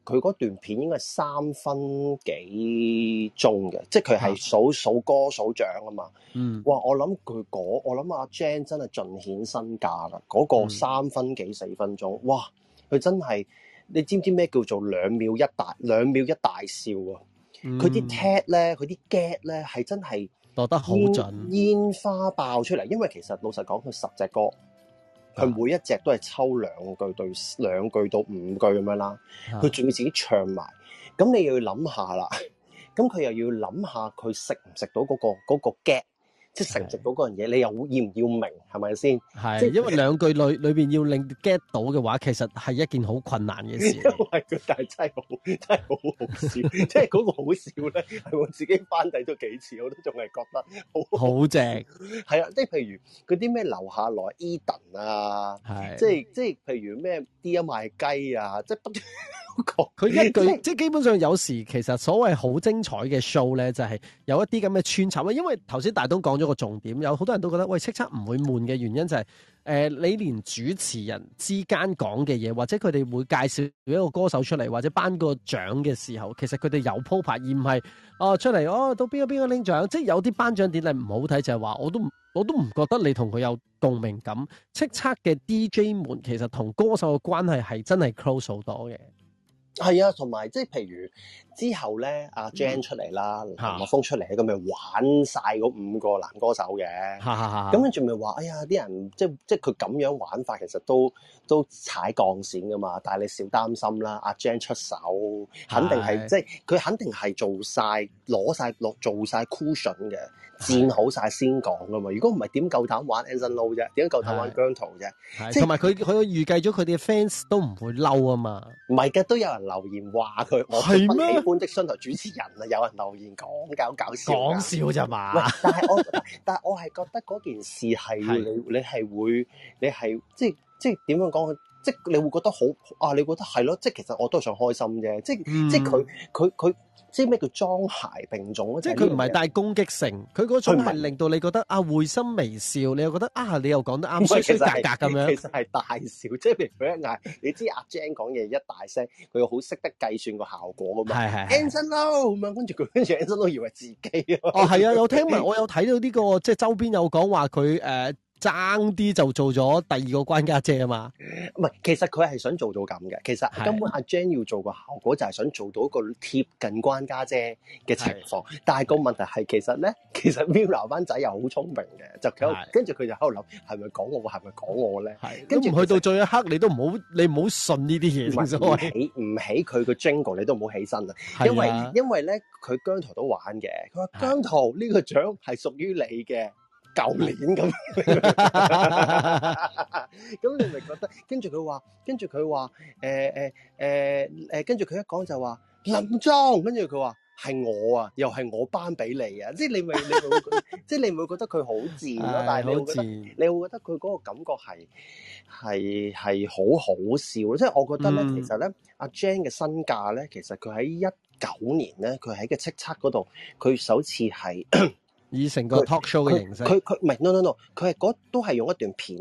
佢、呃、嗰段片應該三分幾鐘嘅，即係佢係數、啊、數歌數獎啊嘛。嗯，哇！我諗佢嗰，我諗阿 Jane 真係盡顯身價啦。嗰、嗰個三分幾四分鐘，嗯、哇！佢真係你知唔知咩叫做兩秒一大兩秒一大笑啊？佢啲 tag 咧，佢啲 get 咧係真係～落得好準，煙花爆出嚟，因為其實老實講佢十隻歌，佢每一隻都係抽兩句對兩句到五句咁樣啦。佢仲要自己唱埋，咁是的 你又要諗下啦。咁佢又要諗下佢食唔食到嗰個嗰個 gap。即係承接到嗰樣嘢，你又要唔要明係咪先？係，因為兩句裏裏邊要令 get 到嘅話，其實係一件好困難嘅事。但係真係好，真係好好笑， [laughs] 即係嗰個好笑咧，係 [laughs] 我自己翻睇咗幾次，我都仲係覺得好好正。係啊，即係譬如啲咩留下來 Eden 啊，即係即係譬如咩啲賣雞啊，即係不佢一句，即係基本上有時其實所謂好精彩嘅 show 咧，就係、是、有一啲咁嘅穿插啊，因為頭先大東講咗。一個重點，有好多人都覺得，喂，叱咤唔會悶嘅原因就係，誒，你連主持人之間講嘅嘢，或者佢哋會介紹一個歌手出嚟，或者頒個獎嘅時候，其實佢哋有鋪排，而唔係，哦，出嚟，哦，到邊個邊個拎獎，即係有啲頒獎典禮唔好睇就係話，我都唔，我都唔覺得你同佢有共鳴感。叱咤嘅 DJ 們其實同歌手嘅關係係真係 close 好多嘅。係啊，同埋即係譬如之後咧，阿 Jan 出嚟啦，林樂峰出嚟，咁咪玩晒嗰五個男歌手嘅。咁跟住咪話，哎呀，啲人即係即係佢咁樣玩法，其實都都踩鋼線噶嘛。但係你少擔心啦，阿 Jan 出手肯定係即係佢肯定係做晒攞晒落做晒 cushion 嘅，墊好晒先講噶嘛。如果唔係，點夠膽玩 Anson Lo 啫？點夠膽玩姜濤啫？即係同埋佢佢預計咗佢哋 fans 都唔會嬲啊嘛。唔係嘅都有人。留言話佢嗎我做喜歡本職新聞主持人啊。有人留言講嘅好搞笑，講笑啫嘛。 [laughs] 但係我，但係我係覺得嗰件事係的你，你係會，你係即係即係點樣講？即係你會覺得好啊！你覺得係咯，即係其實我都係想開心啫。即係即係佢佢佢，知咩叫裝鞋並種啊？即係佢唔係帶攻擊性，佢嗰種係令到你覺得啊會心微笑，你又覺得啊你又講得啱，方方格格咁樣。其實係大笑，即係譬如佢一嗌，你知阿 Jane 講嘢一大聲，佢又好識得計算個效果㗎嘛。係係。Anson Lo 咁樣，跟住佢跟住 Anson Lo，以為自己啊。哦，係啊！我聽聞我有睇到呢、這個，即係周邊有講話佢誒。呃爭啲就做咗第二個關家姐啊嘛，唔係，其實佢係想做到咁嘅。其實根本阿 Jane 要做個效果，就係想做到一個貼近關家姐嘅情況。的但係個問題係，其實咧，其實 Mila 班仔又好聰明嘅，就跟住佢就喺度諗，係咪講我？係咪講我咧？跟住去到最一刻你，你都唔好，你唔好信呢啲嘢。唔起唔起佢個 Jingle，你都唔好起身啊的。因為因為咧，佢姜濤都玩嘅。佢話姜濤呢的個獎係屬於你嘅。舊去年咁，咁 [laughs] 你咪覺得？跟住佢話，跟住佢話，誒誒誒誒，跟住佢一講就話 [laughs] 林莊，跟住佢話係我啊，又係我頒俾你啊！ [laughs] 即係你咪，你會即係你唔會覺得佢好賤咯、啊？ [laughs] 但係你會覺得，賤你會覺得佢嗰個感覺係係係好好笑即係我覺得咧、嗯啊，其實咧，阿 Jane 嘅身價咧，其實佢喺一九年咧，佢喺個叱咤嗰度，佢首次係。 [coughs] 以成個 talk show 嘅形式，佢佢唔係 no no no，佢係都係用一段片，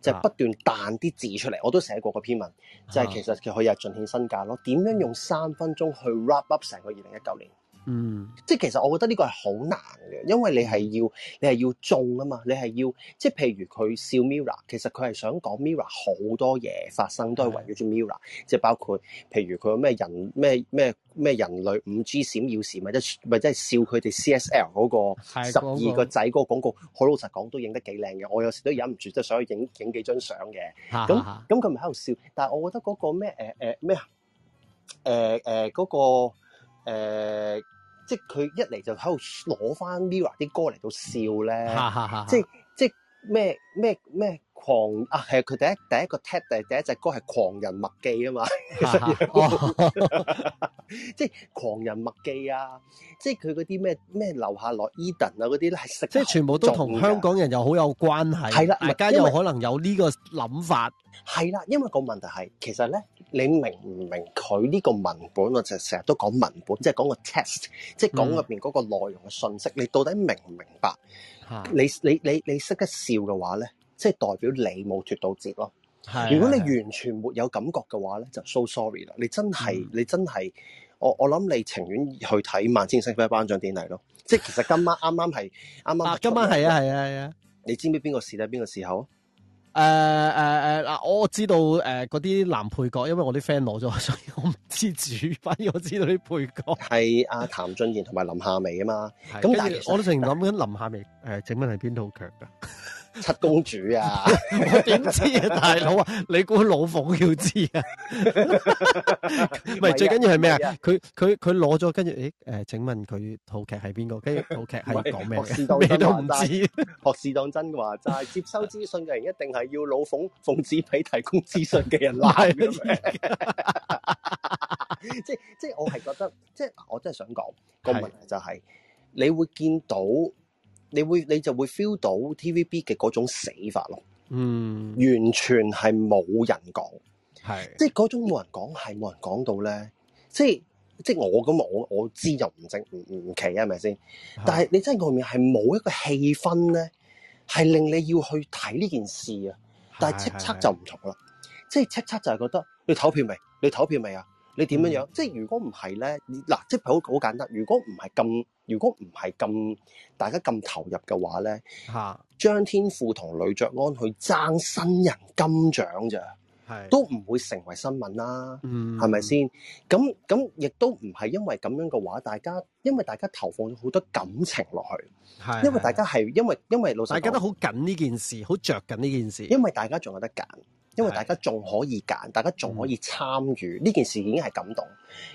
就係、不斷彈啲字出嚟。我都寫過個篇文，就係、是、其實佢係盡顯身價咯。點樣用三分鐘去 wrap up 成個二零一九年？嗯，即係其實我覺得呢個係好難嘅，因為你係要你係要中啊嘛，你係要即係譬如佢笑 Mirror，其實佢係想講 Mirror 好多嘢發生是都係圍繞住 Mirror，即係包括譬如佢有咩人咩咩咩人類五 G 閃耀時，或者係咪係笑佢哋 CSL 嗰個十二個仔嗰個廣告，好、那個、老實講都影得幾靚嘅，我有時都忍唔住即係想去影影幾張相嘅。咁咁佢咪喺度笑，但係我覺得嗰個咩誒誒咩啊，誒、呃、誒、呃呃呃那個誒。呃即佢一嚟就喺度攞翻 Mirror 啲歌嚟到笑咧， [laughs] 即係即係咩咩咩。狂啊，係佢第一第一個 test，第第一隻歌係《狂人墨記》啊嘛，啊哈即係《狂人墨記》啊，即係佢嗰啲咩咩留下落 Eden 啊嗰啲咧，係即係全部都同香港人又好有關係，係啦，大家有可能有呢個諗法，係啦，因為個問題係其實咧，你明唔明佢呢個文本？我哋成日都講文本，即係講個 text，即係講入邊嗰個內容嘅信息，嗯、你到底明唔明白？啊、你你你你識得笑嘅話咧？即係代表你冇脫到節咯。是的 如果你完全沒有感覺嘅話咧，就 so sorry 啦。你真係、嗯、你真係，我我諗你情願去睇萬千星輝頒獎典禮咯。即係其實今晚啱啱係，啱啱、 [laughs] 啊、今晚係啊係啊係啊，啊，啊，啊！你知唔知邊個視帝邊個視後？誒誒誒嗱，我知道誒嗰啲男配角，因為我啲 friend 攞咗，所以我唔知主反而我知道啲配角係阿、啊、譚俊彥同埋林夏薇啊嘛。咁的但係我都成日諗緊林夏薇誒請問係邊套劇㗎？七公主啊！我點知啊，大佬啊，你估老奉要知啊？咪最緊要係咩啊？佢佢佢攞咗，跟住誒誒，請問佢套劇係邊個？跟住套劇係講咩嘅？咩都唔知，學士當真話就係接收資訊嘅人，一定係要老奉奉旨俾提供資訊嘅人拉。即即我係覺得，即我真係想講個問題就係，你會見到。你會你就會 feel 到 TVB 嘅嗰種死法咯，嗯，完全係冇人講，係是，即係嗰種冇人講係冇人講到咧，即係即係我咁我我知就唔正唔唔奇啊，係咪先？是但係你真係外面係冇一個氣氛咧，係令你要去睇呢件事啊，但係叱咤就唔同啦，是是是即係叱咤就係覺得你投票未？你投票未啊？你投票沒？你點樣樣？嗯、即係如果唔係咧，嗱，即係好好簡單。如果唔係咁，如果唔係咁，大家咁投入嘅話咧，嚇，是的 張天賦同呂爵安去爭新人金獎咋，係是的 都唔會成為新聞啦，嗯是，係咪先？咁咁亦都唔係因為咁樣嘅話，大家因為大家投放咗好多感情落去，係是的 因為大家係因為因為老實講，大家都好緊呢件事，好着緊呢件事，因為大家仲有得揀。因為大家仲可以揀，大家仲可以參與呢件事已經係感動。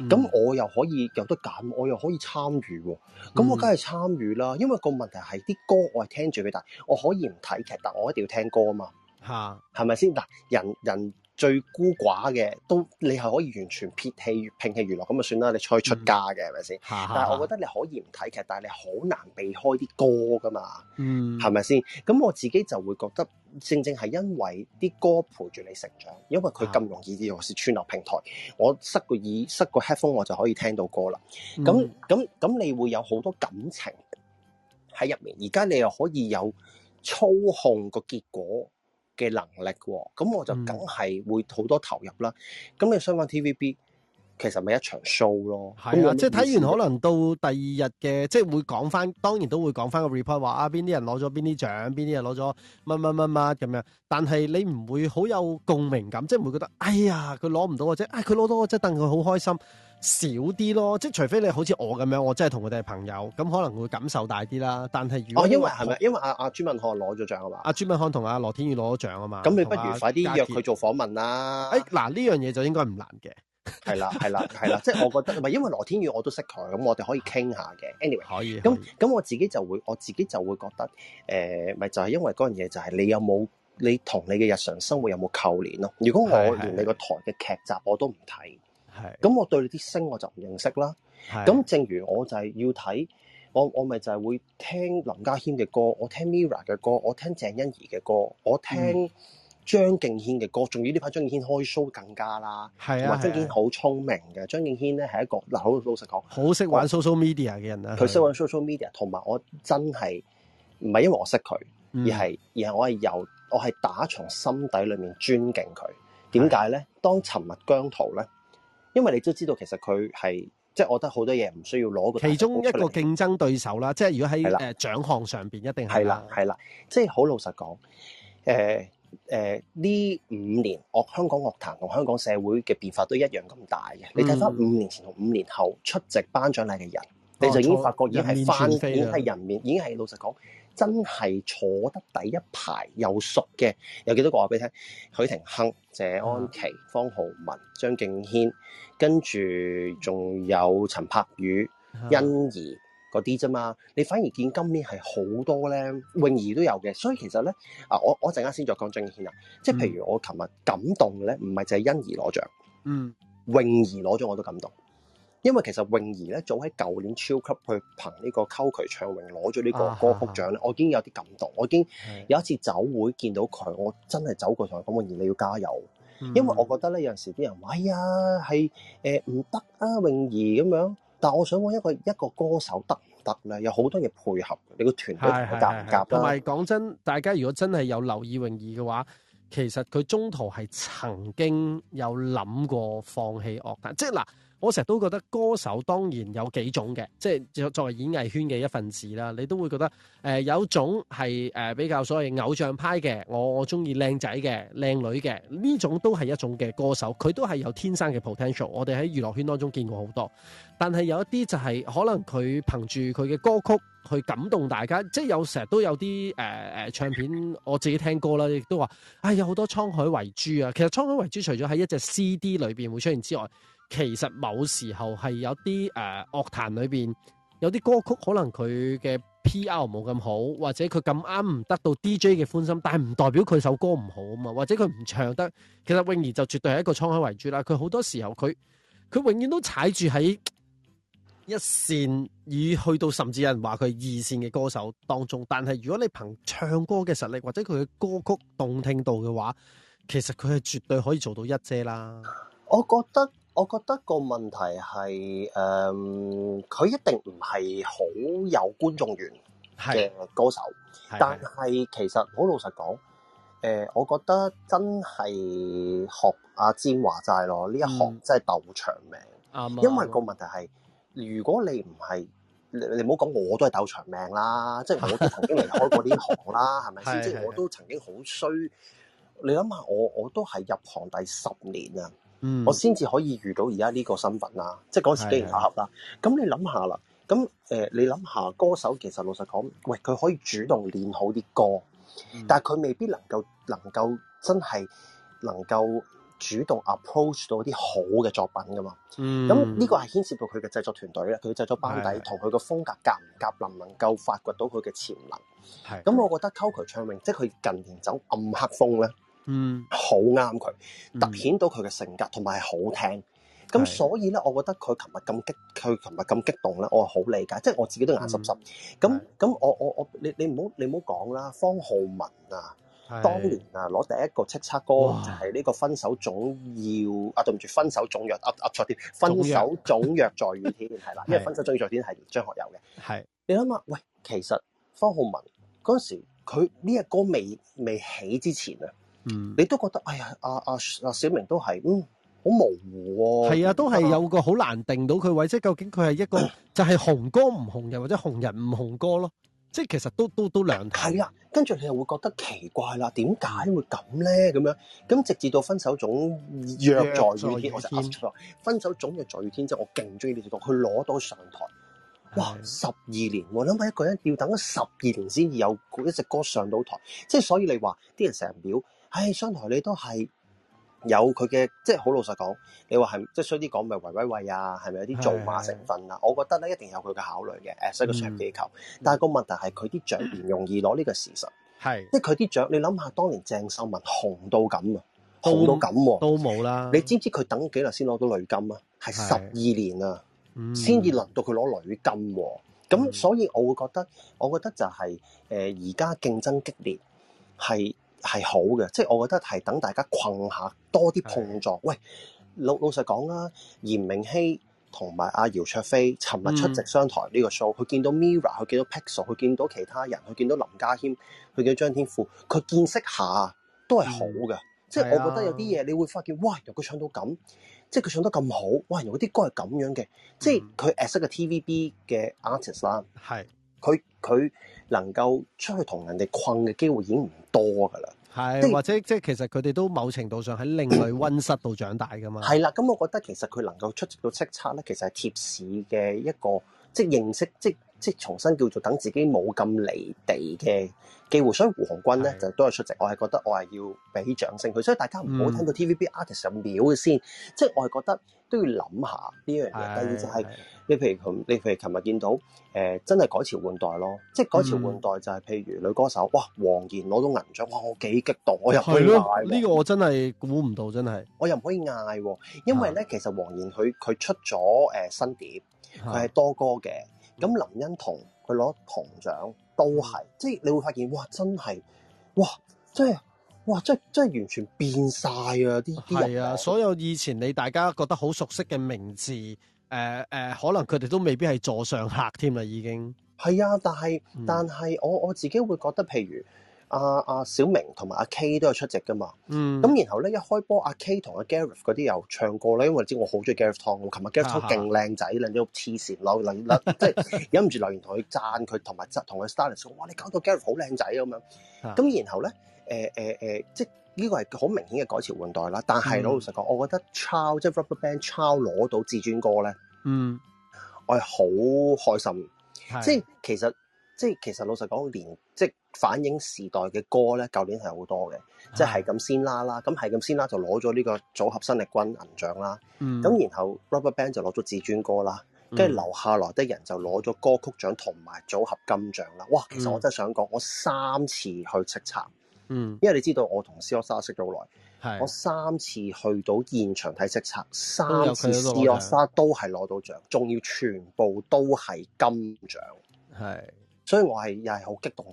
咁、嗯、我又可以有得揀，我又可以參與喎。咁、嗯、我梗係參與啦。因為個問題係啲歌我係聽住佢，但我可以唔睇劇，但我一定要聽歌啊嘛。嚇，係咪先嗱？人人。最孤寡嘅都你係可以完全撇棄、摒棄娛樂咁就算啦，你出去出家嘅係咪先？嗯、吧但係我覺得你可以唔睇劇，但係你好難避開啲歌㗎嘛，嗯，係咪先？咁我自己就會覺得正正係因為啲歌陪住你成長，因為佢咁容易啲，我先串流平台，我塞個耳塞個 headphone 我就可以聽到歌啦。咁咁咁，你會有好多感情喺入面。而家你又可以有操控個結果嘅能力喎，咁我就梗係會好多投入啦。咁你、嗯、相關 TVB 其實咪一場 show 咯，係啊，即係睇完可能到第二日嘅，即係會講翻，當然都會講翻個 report 話啊，邊啲人攞咗邊啲獎，邊啲人攞咗乜乜乜乜咁樣。但係你唔會好有共鳴感，即係唔會覺得，哎呀，佢攞唔到嘅即啊，佢攞到我真戥佢好開心。少啲咯，即係除非你好似我咁樣，我真係同佢哋係朋友，咁可能會感受大啲啦。但係哦，因為係咪我？因為阿、啊、阿、啊、朱文翰攞咗獎啊嘛？阿朱文翰同阿羅天宇攞咗獎啊嘛。咁你不如快啲約佢做訪問、哎、啦。誒，嗱呢樣嘢就應該唔難嘅。係 [laughs] 啦，係啦，係啦，即係 [laughs] 我覺得咪因為羅天宇我都識佢，咁我哋可以傾下嘅。anyway 可以。咁咁我自己就會我自己就會覺得誒，咪、呃、就係、是、因為嗰樣嘢就係你有冇你同你嘅日常生活有冇扣連咯？如果我連你個台嘅劇集我都唔睇。是是係咁，是我對你啲聲我就唔認識啦。咁是，正如我就係要睇我，我咪就係會聽林家謙嘅歌，我聽 Mira 嘅歌，我聽鄭欣宜嘅歌，我聽張敬軒嘅歌。仲要呢排張敬軒開 show 更加啦。係啊，張敬軒好聰明嘅。張、啊啊、敬軒咧係一個嗱，好老實講，好識玩 social media 嘅人啊。佢識玩 social media，同埋我真係唔係因為我識佢、嗯，而係而係我係由我係打從心底裏面尊敬佢。點解咧？啊、當尋物姜濤咧？因為你都知道其實佢係，即係我覺得好多嘢唔需要攞。其中一個競爭對手啦，即係如果喺誒獎項上邊一定係。係啦，係啦，即係好老實講，誒誒呢五年樂香港樂壇同香港社會嘅變化都一樣咁大嘅。嗯、你睇翻五年前同五年後出席頒獎禮嘅人，啊、你就已經發覺已經係翻，人面已經係人面，已經係老實講。真係坐得第一排又熟嘅，有幾多個話俾你聽，許廷鏗、謝安琪、方浩文、張敬軒，跟住仲有陳柏宇、欣宜嗰啲啫嘛。你反而見今年係好多咧，泳兒都有嘅。所以其實咧，啊我我陣間先再講張敬軒啊，即係譬如我琴日感動咧，唔係淨係欣宜攞獎，嗯，泳兒攞咗我都感動。因為其實泳兒咧，早喺舊年 Chill Club 去憑呢個溝《溝渠暢泳》攞咗呢個歌曲獎咧，啊、我已經有啲感動。啊、我已經有一次酒會見到佢，的我真係走過同佢講，泳兒，你要加油，嗯、因為我覺得咧，有陣時啲人話，哎呀，係誒唔得啊泳兒咁樣。但係我想問一個一個歌手得唔得咧，有好多嘢配合，你個團隊夾唔夾？同埋講真，大家如果真係有留意泳兒嘅話，其實佢中途係曾經有諗過放棄樂壇，即係嗱。啊我成日都覺得歌手當然有幾種嘅，即係作為演藝圈嘅一份子啦。你都會覺得誒有種係比較所謂偶像派嘅，我我中意靚仔嘅、靚女嘅呢種都係一種嘅歌手，佢都係有天生嘅 potential。我哋喺娛樂圈當中見過好多，但係有一啲就係可能佢憑住佢嘅歌曲去感動大家，即係有成日都有啲誒唱片我自己聽歌啦，亦都話啊、哎、有好多《滄海遺珠》啊。其實《滄海遺珠》除咗喺一隻 CD 裏面會出現之外，其實某時候係有啲誒、呃，樂壇裏邊有啲歌曲可能佢嘅 P.R. 冇咁好，或者佢咁啱唔得到 D.J. 嘅歡心，但係唔代表佢首歌唔好啊嘛，或者佢唔唱得。其實泳兒就絕對係一個滄海遺珠啦。佢好多時候佢佢永遠都踩住喺一線，以去到甚至有人話佢二線嘅歌手當中。但係如果你憑唱歌嘅實力或者佢嘅歌曲動聽度嘅話，其實佢係絕對可以做到一姐啦。我覺得。我覺得個問題係誒，佢，嗯、一定唔係好有觀眾緣嘅歌手，是是但係其實好老實講，誒、呃，我覺得真係學阿詹華齋咯，呢，嗯、一行真係鬥長命。嗯嗯，因為個問題係，如果你唔係你唔好講我都係鬥長命啦，即係，嗯、我都曾經離開過呢行啦，係咪？ [laughs] 甚至我都曾經好衰。你諗下，我我都係入行第十年啊！我先至可以遇到而家呢個身份啦，即係嗰陣時機緣巧合啦。咁是的 你諗下啦，咁誒、呃、你諗下歌手其實老實講，喂佢可以主動練好啲歌，嗯、但係佢未必能夠能夠真係能夠主動 approach 到啲好嘅作品噶嘛。咁呢、嗯、個係牽涉到佢嘅製作團隊咧，佢製作班底同佢嘅風格夾唔夾能唔能夠發掘到佢嘅潛能？係咁，我覺得 Coco 唱詠即係佢近年走暗黑風咧。嗯，好啱佢突顯到佢嘅性格，同埋係好聽，咁，所以咧，我覺得佢琴日咁激，佢琴日咁激動咧，我係好理解，即係我自己都眼濕濕咁。咁我我我你你唔好你唔好講啦。方浩文啊，當年啊，攞第一個叱咤歌就係呢個分手總要啊，對唔住分手總約啊，錯啲分手總約在雨天係啦，因為分手總要在雨天係張學友嘅係。你諗下喂，其實方浩文嗰時佢呢個歌未未起之前啊。嗯，你都覺得哎呀，阿阿阿小明都係嗯好模糊喎，啊，係啊，都係有個好難定到佢位，即究竟佢係一個就係紅歌唔紅人，或者紅人唔紅歌咯，即係其實都都都兩頭。係啊，跟住你又會覺得奇怪啦，點解會咁咧？咁樣咁直至到分手總約在雨天，天，天，我就噏分手總約在雨天，就我勁中意呢條歌，佢攞到上台，的哇！十二年，我諗啊，一個人要等咗十二年先有一隻歌上到台，即係所以你話啲人成日表。唉，商台、哎、你都係有佢嘅，即係好老實講，你話係即係衰啲講，咪維維喂啊，係咪有啲造馬成分啊？的我覺得咧，一定有佢嘅考慮嘅，誒，所以個上地球，嗯、但係個問題係佢啲獎唔容易攞呢個事實，係的，即係佢啲獎，你諗下當年鄭秀文紅到咁都啊，紅到咁，都冇啦，你知唔知佢等幾耐先攞到女金啊？係十二年啊，先至輪到佢攞女金、啊，咁、嗯、所以我會覺得，我覺得就係誒而家競爭激烈係。係好嘅，即係我覺得係等大家困下多啲碰撞。是的 喂，老老實講啦，嚴明熙同埋阿姚卓飛尋日出席商台呢個 show，佢、嗯、見到 Mira，佢見到 Pixel，佢見到其他人，佢見到林家謙，佢見到張天賦，佢見識下都係好嘅。是的 即係我覺得有啲嘢你會發現，哇！由佢唱到咁，即係佢唱得咁好，哇！由啲歌係咁樣嘅，即係佢 ex 嘅 TVB 嘅 artist 啦是的，係佢佢。能夠出去同人哋困嘅機會已經唔多噶啦，係是即或者即係其實佢哋都某程度上喺另類溫室度長大噶嘛。係啦，咁 [coughs] 我覺得其實佢能夠出席到叱咤咧，其實係貼士嘅一個即係認識，即即重新叫做等自己冇咁離地嘅機會。所以胡鴻鈞咧就都有出席，我係覺得我係要俾掌聲佢。所以大家唔好聽到 TVB、嗯、artist 咁秒先，即係我係覺得。都要諗下呢樣嘢，第二就係、是、是的 你譬如琴，你譬如琴日見到誒、呃，真係改朝換代咯，即係改朝換代就係譬如女歌手，嗯、哇，王賢攞到銀獎，哇，我幾激動，我入去買。咯，呢、這個我真係估唔到，真係，我又唔可以嗌，因為咧，其實王賢佢佢出咗誒新碟，佢係多歌嘅，咁是的 林欣彤佢攞銅獎都係，即係你會發現，哇，真係，哇，真。哇！真真係完全變晒啊！啲係啊，所有以前你大家覺得好熟悉嘅名字，誒、呃、誒、呃，可能佢哋都未必係座上客添啊。已經係啊，但係、嗯、但係我我自己會覺得，譬如阿阿、啊啊、小明同埋阿 K 都有出席噶嘛。嗯，咁然後咧一開波，阿 K 同阿 Gareth 嗰啲又唱歌咧，因為你知我知我好中意 Gareth 湯。我琴日 Gareth 湯勁靚仔，靚到黐線，留留即係忍唔住留言同佢讚佢，同埋同佢 s t a l i n g 哇！你搞到 Gareth 好靚仔咁、啊、樣咁，然後咧。誒誒誒，即係呢個係好明顯嘅改朝換代啦。但係老老實講，嗯、我覺得 Ciao 即係 Rubberband Ciao 攞到至尊歌咧，嗯，我係好開心。是即係其實即係其實老實講，連即係反映時代嘅歌咧，舊年係好多嘅，即係係咁先啦啦，咁係咁先啦，就攞咗呢個組合生力軍銀獎啦。咁、嗯、然後 Rubberband 就攞咗至尊歌啦，跟住留下來的人就攞咗歌曲獎同埋組合金獎啦。哇，其實我真係想講，嗯、我三次去叱咤。嗯，因為你知道我同 COSA 識咗好耐，的我三次去到現場睇叱咤，三次 COSA 都係攞到獎，仲要全部都係金獎。係的，所以我係又係好激動。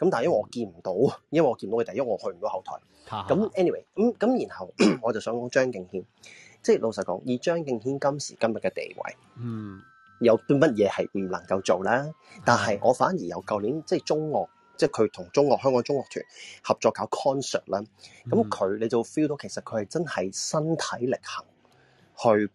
咁但係因為我見唔到，因為我見到佢第一，我去唔到後台。咁的 anyway，咁咁然後我就想講張敬軒，即係老實講，以張敬軒今時今日嘅地位，嗯，有啲乜嘢係唔能夠做啦？是的但係我反而有舊年即係中樂。即係佢同中樂香港中樂團合作搞 concert 啦、嗯，咁佢你就 feel 到其實佢係真係身體力行去誒、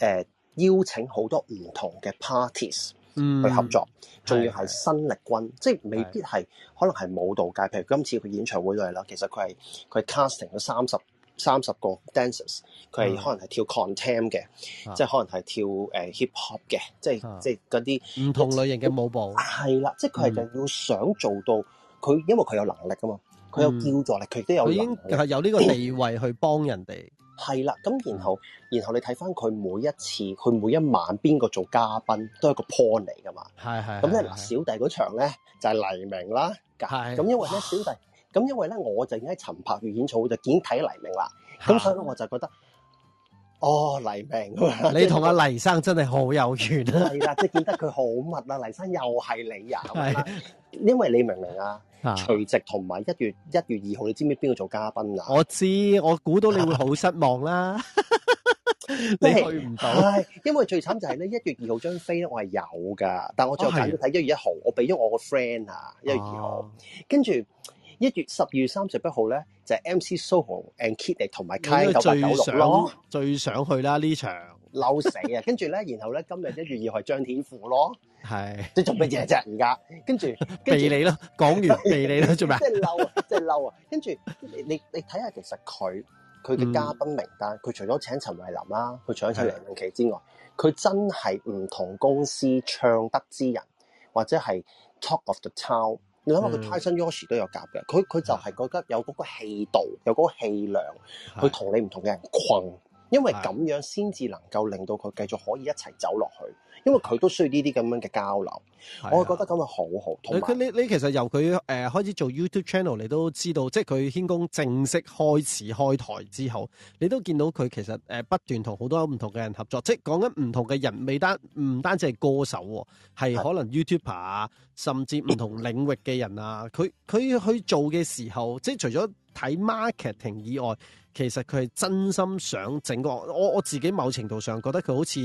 呃、邀請好多唔同嘅 parties 去合作，仲、嗯、要係新力軍，是是是即係未必係是是 可能係舞蹈界，譬如今次佢演唱會嚟啦，其實佢係佢 casting 咗三十。三十個 dancers，佢係可能係跳 contem 嘅，即係可能係跳誒 hip hop 嘅，啊、即係即係嗰啲唔同類型嘅舞步。係啦、啊，嗯、即係佢係就要想做到佢，因為佢有能力啊嘛，佢有叫座力，佢都、嗯、有能力。佢已經有呢個地位去幫人哋。係啦、嗯，咁然後然後你睇翻佢每一次，佢每一晚邊個做嘉賓都係個 point 嚟噶嘛。係係。咁咧嗱，那小弟嗰場咧就係、是、黎明啦。係是。咁因為咧，小弟。咁，因為咧，我就已經喺陳柏宇演草，就已經睇黎明啦。咁、啊、所以我就覺得哦，黎明，你同阿黎生真係好有緣啊 [laughs] 對。看」係啦，即係見得佢好密啦。黎生又係你啊。的因為你明唔明啊？除夕同埋一月一月二號，你知唔知邊個做嘉賓啊？我知，我估到你會好失望啦。 [laughs] [laughs] 你去唔不到，因為最慘就係咧，一月二號張飛咧，我係有噶，但係我最後揀咗睇一月一號，我俾咗我個 friend 啊，一月二號，跟住。一月十二月三十一號咧，就係 MC Soho and Kitty 同埋 K 九八九六咯。最想去啦呢場，嬲死啊！跟住咧，然後咧，今日一月二號係張天賦咯。係，你做乜嘢啫？而家跟住避你啦講完避你啦做咩？即係嬲啊！即係嬲啊！跟住你你你睇下，其實佢佢嘅嘉賓名單，佢除咗請陳慧琳啦，佢除咗請梁詠琪之外，佢真係唔同公司唱得之人，或者係 Talk of the Town。你諗下，佢 Tyson Yoshi 都有夾嘅，佢佢、嗯、就係覺得有嗰個氣度，有嗰個氣量，佢同你唔同嘅人困。因為咁樣先至能夠令到佢繼續可以一齊走落去，因為佢都需要呢啲咁樣嘅交流，我覺得咁樣好好。同埋的，有你你你其實由佢誒、呃、開始做 YouTube channel，你都知道，即係佢軒公正式開始開台之後，你都見到佢其實誒、呃、不斷同好多唔同嘅人合作，即係講緊唔同嘅人，未單唔單止係歌手，係可能 YouTuber 啊的，甚至唔同領域嘅人啊，佢佢去做嘅時候，即係除咗睇 marketing 以外。其實佢係真心想整個我，我自己某程度上覺得佢好似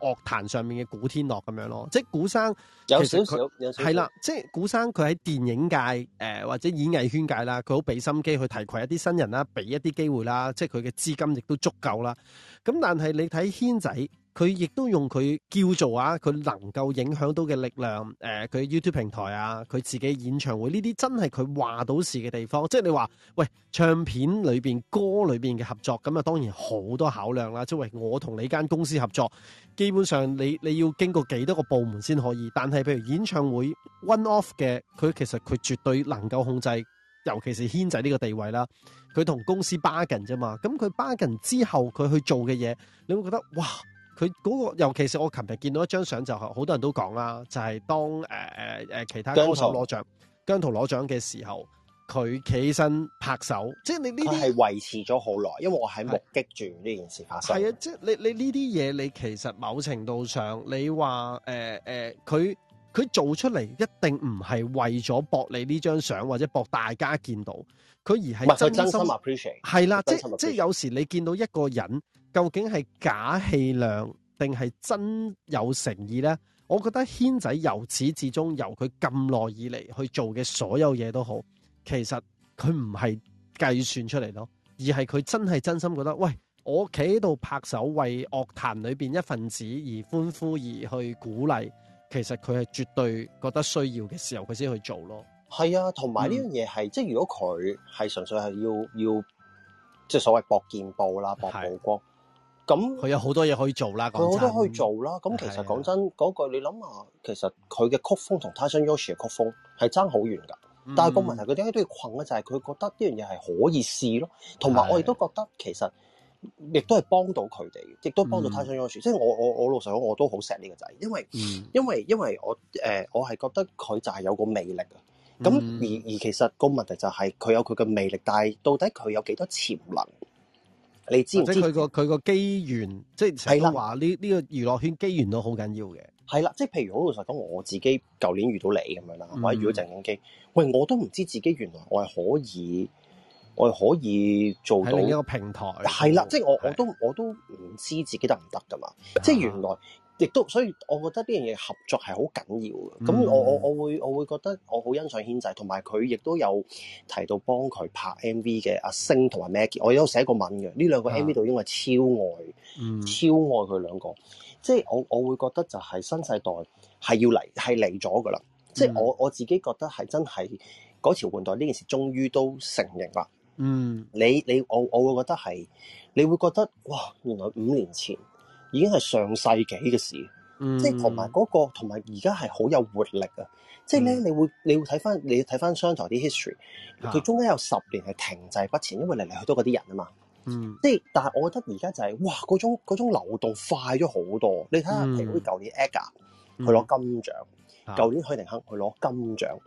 樂壇上面嘅古天樂咁樣咯，即係古生有少少，有少少，係啦，即係古生佢喺電影界誒、呃、或者演藝圈界啦，佢好俾心機去提攜一啲新人啦，俾一啲機會啦，即係佢嘅資金亦都足夠啦。咁但係你睇軒仔。佢亦都用佢叫做啊，佢能夠影響到嘅力量，誒、呃，佢 YouTube 平台啊，佢自己演唱會呢啲真係佢話到事嘅地方。即係你話喂，唱片裏邊歌裏邊嘅合作咁啊，當然好多考量啦。即係喂，我同你間公司合作，基本上你你要經過幾多個部門先可以？但係譬如演唱會 one off 嘅，佢其實佢絕對能夠控制，尤其是軒仔呢個地位啦。佢同公司 bargain 啫嘛，咁佢 bargain 之後佢去做嘅嘢，你會覺得哇！佢嗰個，尤其是我琴日見到一張相，就係好多人都講啦，就係當誒、誒、誒、其他歌手攞獎，姜濤攞獎嘅時候，佢企身拍手，即係你呢啲係維持咗好耐，因為我係目擊住呢件事發生。係啊，即係你你呢啲嘢，你其實某程度上，你話誒佢佢做出嚟一定唔係為咗博你呢張相，或者博大家見到佢而係真心，係啦，即即係有時你見到一個人。究竟係假氣量定係真有誠意呢？我覺得軒仔由始至終，由佢咁耐以嚟去做嘅所有嘢都好，其實佢唔係計算出嚟咯，而係佢真係真心覺得，喂，我企喺度拍手為樂壇裏邊一份子而歡呼，而去鼓勵，其實佢係絕對覺得需要嘅時候，佢先去做咯。係啊，同埋呢樣嘢係，嗯、即係如果佢係純粹係要要，即係所謂搏見報啦，搏曝光。咁佢、嗯、有好多嘢可以做啦，咁好多可以做啦。咁白其實講真嗰句，你諗下，其實佢嘅曲風同 Tyson Yoshi 嘅曲風係爭好遠噶。嗯、但係個問題，佢點解都要困咧，就係、是、佢覺得呢樣嘢係可以試咯。同埋我亦都覺得其實亦都係幫到佢哋，亦都幫到 Tyson Yoshi。即係我我我老實講，我都好錫呢個仔，因為、嗯、因為因為我、呃、我係覺得佢就係有個魅力啊。咁、嗯、而而其實個問題就係佢有佢嘅魅力，但係到底佢有幾多潛能？你知唔知？佢個佢個機緣，即係成日都話呢呢個娛樂圈機緣都好緊要嘅。係啦，即係譬如好老實講，我自己舊年遇到你咁樣啦，嗯、或者遇到鄭敬基，喂，我都唔知自己原來我係可以，我係可以做到是另一個平台。係啦，即係我我都我都唔知自己得唔得噶嘛，的即係原來。亦都，所以我覺得呢樣嘢合作係好緊要嘅。咁、嗯、我我我會我會覺得我好欣賞軒仔，同埋佢亦都有提到幫佢拍 M V 嘅阿星同埋 Maggie。啊、ak, 我有寫過文嘅呢兩個 M V 度，因為超愛、啊嗯、超愛佢兩個，即係我我會覺得就係新世代係要嚟係嚟咗噶啦。了了嗯、即係我我自己覺得係真係嗰朝換代呢件事，終於都承認啦。嗯，你你我我會覺得係你會覺得哇，原來五年前，已經係上世紀嘅事，嗯、即係同埋嗰個，同埋而家係好有活力啊！嗯、即係咧，你會你會睇翻，你睇翻商台啲 history，佢中間有十年係停滯不前，因為嚟嚟去去都嗰啲人啊嘛。嗯、即係，但係我覺得而家就係、是、哇，嗰種，種流動快咗好多。你睇下，譬、嗯、如舊年 AGA、嗯、去攞金獎，舊年許廷鏗去攞金獎，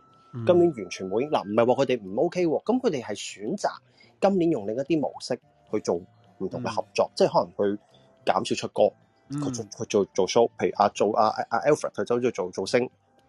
今年完全冇。嗱、啊，唔係話佢哋唔 OK 喎，咁佢哋係選擇今年用另一啲模式去做唔同嘅合作，嗯、即係可能去。減少出歌，佢做佢做做 show，譬如阿、啊、做阿、啊、阿、啊、Alfred，佢走咗做做造星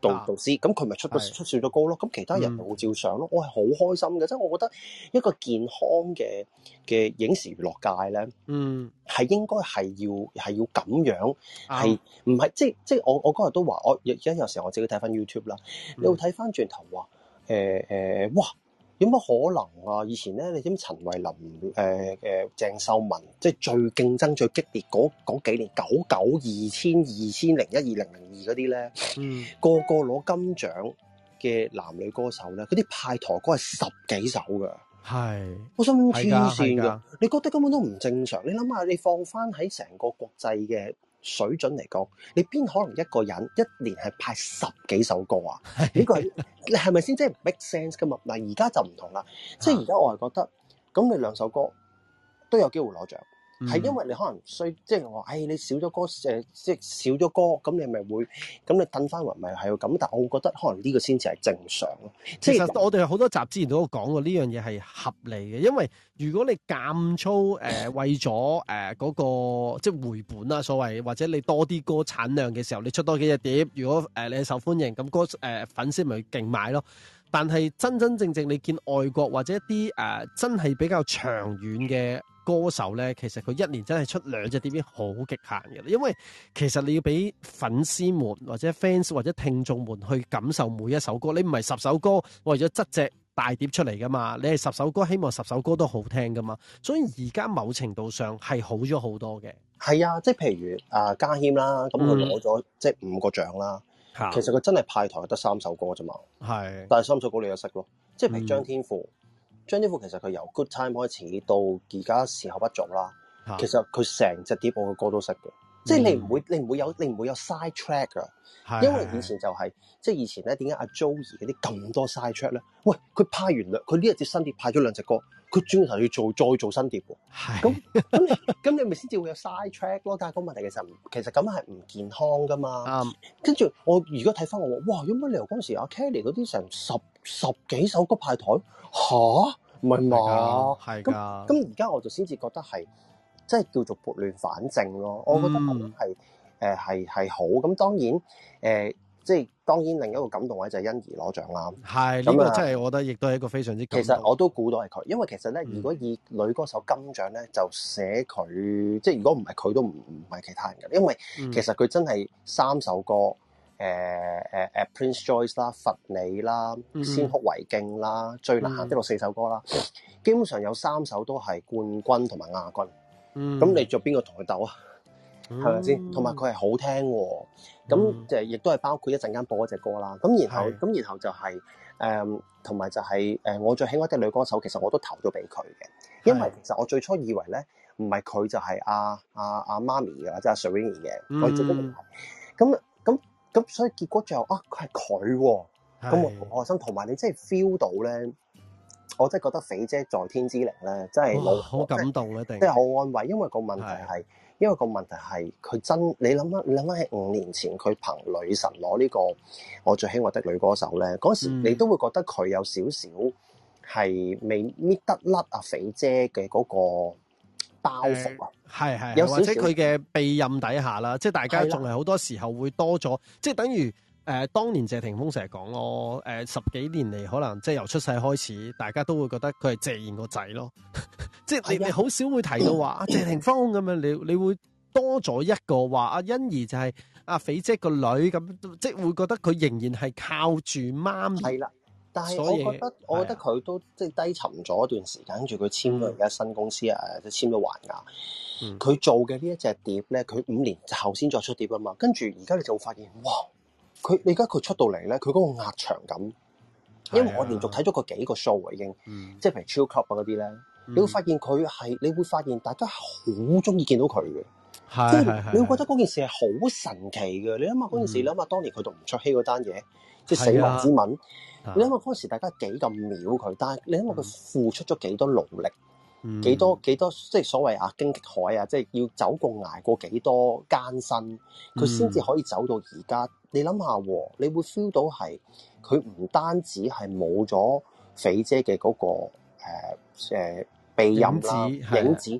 導是的導師，咁佢咪出咗的出少咗歌咯。咁其他人咪冇照上咯，嗯、我係好開心嘅。即、就、係、是、我覺得一個健康嘅嘅影視娛樂界咧，嗯，係應該係要係要咁樣，係唔係？即即我我嗰日都話，我而家有時候我自己睇翻 YouTube 啦，嗯、你會睇翻轉頭話，誒、呃、誒，哇、呃！嘩有乜可能啊？以前咧，你知唔知陳慧琳、誒、呃、誒、呃、鄭秀文，即係最競爭最激烈嗰嗰幾年，九九二千二千零一二零零二嗰啲咧，嗯、個個攞金獎嘅男女歌手咧，嗰啲派台歌係十幾首㗎。係的，我心黐線嘅，你覺得根本都唔正常。你諗下，你放翻喺成個國際嘅。水準嚟講，你邊可能一個人一年係拍十幾首歌啊？呢 [laughs] 個係你係咪先即係 make sense 㗎嘛？嗱，而家就唔同啦，即係而家我係覺得，咁你兩首歌都有機會攞獎。係因為你可能衰，即係話，誒你少咗歌，誒，即係少咗歌，咁你咪會，咁你掟翻還咪係咁？但係我覺得可能呢個先至係正常。嗯、其實我哋好多集之前都講過呢樣嘢係合理嘅，因為如果你減粗誒為咗誒嗰個即係回本啦，所謂或者你多啲歌產量嘅時候，你出多幾隻碟，如果誒、呃、你受歡迎，咁歌誒、呃、粉絲咪勁買咯。但係真真正正你見外國或者一啲誒、呃、真係比較長遠嘅。歌手呢，其實佢一年真係出兩隻碟片，好極限嘅，因為其實你要俾粉絲們或者 fans 或者聽眾們去感受每一首歌，你唔係十首歌為咗執隻大碟出嚟㗎嘛，你係十首歌希望十首歌都好聽㗎嘛，所以而家某程度上係好咗好多嘅。係啊，即係譬如啊，家謙啦，咁佢攞咗即係五個獎啦，是其實佢真係派台得三首歌啫嘛，係是，但係三首歌你又識咯，即係譬如張天賦。嗯將啲歌其實佢由 Good Time 開始到而家時候不早啦。啊、其實佢成隻碟我嘅歌都識嘅，嗯、即係你唔會你唔會有你唔會有 side track 噶，是的 因為以前就係、是、的即係以前咧點解阿 Joey 嗰啲咁多 side track 咧？喂，佢派完了派了兩佢呢一隻新碟派咗兩隻歌。佢轉頭要做再做新碟喎、哦，咁咁是你咪先至會有 side track 咯，但係個問題其實唔其實咁係唔健康㗎嘛，跟住、um, 我而家睇返我話，哇有乜理由嗰陣時阿、啊、Kelly 嗰啲成十十幾首歌派台嚇？唔係嘛，係咁咁而家我就先至覺得係即係叫做撥亂反正咯。我覺得咁係誒係係好。咁、嗯、當然、呃即係當然，另一個感動位就係欣宜攞獎啦。係咁啊，即係樣我覺得亦都係一個非常之其實我都估到係佢，因為其實咧，嗯、如果以女歌手金獎咧，就寫佢即係如果唔係佢都唔唔係其他人嘅，因為其實佢真係三首歌誒誒誒 Prince Joyce 啦、罰你啦、先哭為敬啦、嗯、最難得，呢六四首歌啦，嗯、基本上有三首都係冠軍同埋亞軍。嗯做，咁你著邊個同佢鬥啊？係咪先？同埋佢係好聽的，咁就亦都係包括一陣間播嗰隻歌啦。咁然後咁是然後就係、是、誒、同、嗯、埋就係、是、誒、呃，我最喜愛嘅女歌手，其實我都投咗俾佢嘅。是因為其實我最初以為咧，唔係佢就係阿阿阿媽咪噶，即係阿 Serrini 嘅我啲咁樣問題。咁咁咁，所以結果最後啊，佢係佢。咁我是我心同埋你真係 feel 到咧，我真係覺得肥姐在天之靈咧，真係、哦、好感動啊！定即係好安慰，因為個問題係。是因為個問題係佢真。你諗下，你諗下，喺五年前佢憑女神攞呢個我最喜愛的女歌手咧，嗰時候你都會覺得佢有少少係未搣得甩啊肥姐嘅嗰個包袱啊，係係、嗯，或者佢嘅庇蔭底下啦，即係大家仲係好多時候會多咗，是的即係等於。誒、呃，當年謝霆鋒成日講我誒十幾年嚟，可能即係由出世開始，大家都會覺得佢係謝賢個仔咯。 [laughs] 即係你、哎、呀你好少會提到話、哎、呀啊，謝霆鋒咁樣，你你會多咗一個話啊，阿欣就是阿宜就係啊，肥姐個女咁，即係會覺得佢仍然係靠住媽咪。係啦，但係以我覺得、哎、呀我覺得佢都即係低沉咗一段時間，跟住佢簽咗而家新公司、嗯、啊，即係簽咗環亞。佢做嘅呢一隻碟咧，佢五年後先再出碟啊嘛。跟住而家你就會發現哇～佢你而家佢出到嚟咧，佢嗰個壓場感，因為我連續睇咗佢幾個 show 已經，嗯、即係譬如 Chill Club 嗰啲咧，你會發現佢係，嗯、你會發現大家好中意見到佢嘅，即係、嗯、你會覺得嗰件事係好神奇嘅。你諗下嗰件事，諗下、嗯、當年佢讀吳卓羲嗰單嘢，即係死亡之吻，嗯、你諗下嗰陣時大家幾咁秒佢，但係你諗下佢付出咗幾多努力。幾、嗯、多幾多即係所謂啊，荊棘海啊，即係要走過挨過幾多艱辛，佢先至可以走到而家。你諗下，你會 feel 到係佢唔單止係冇咗肥姐嘅嗰、那個誒誒鼻音啦、影子，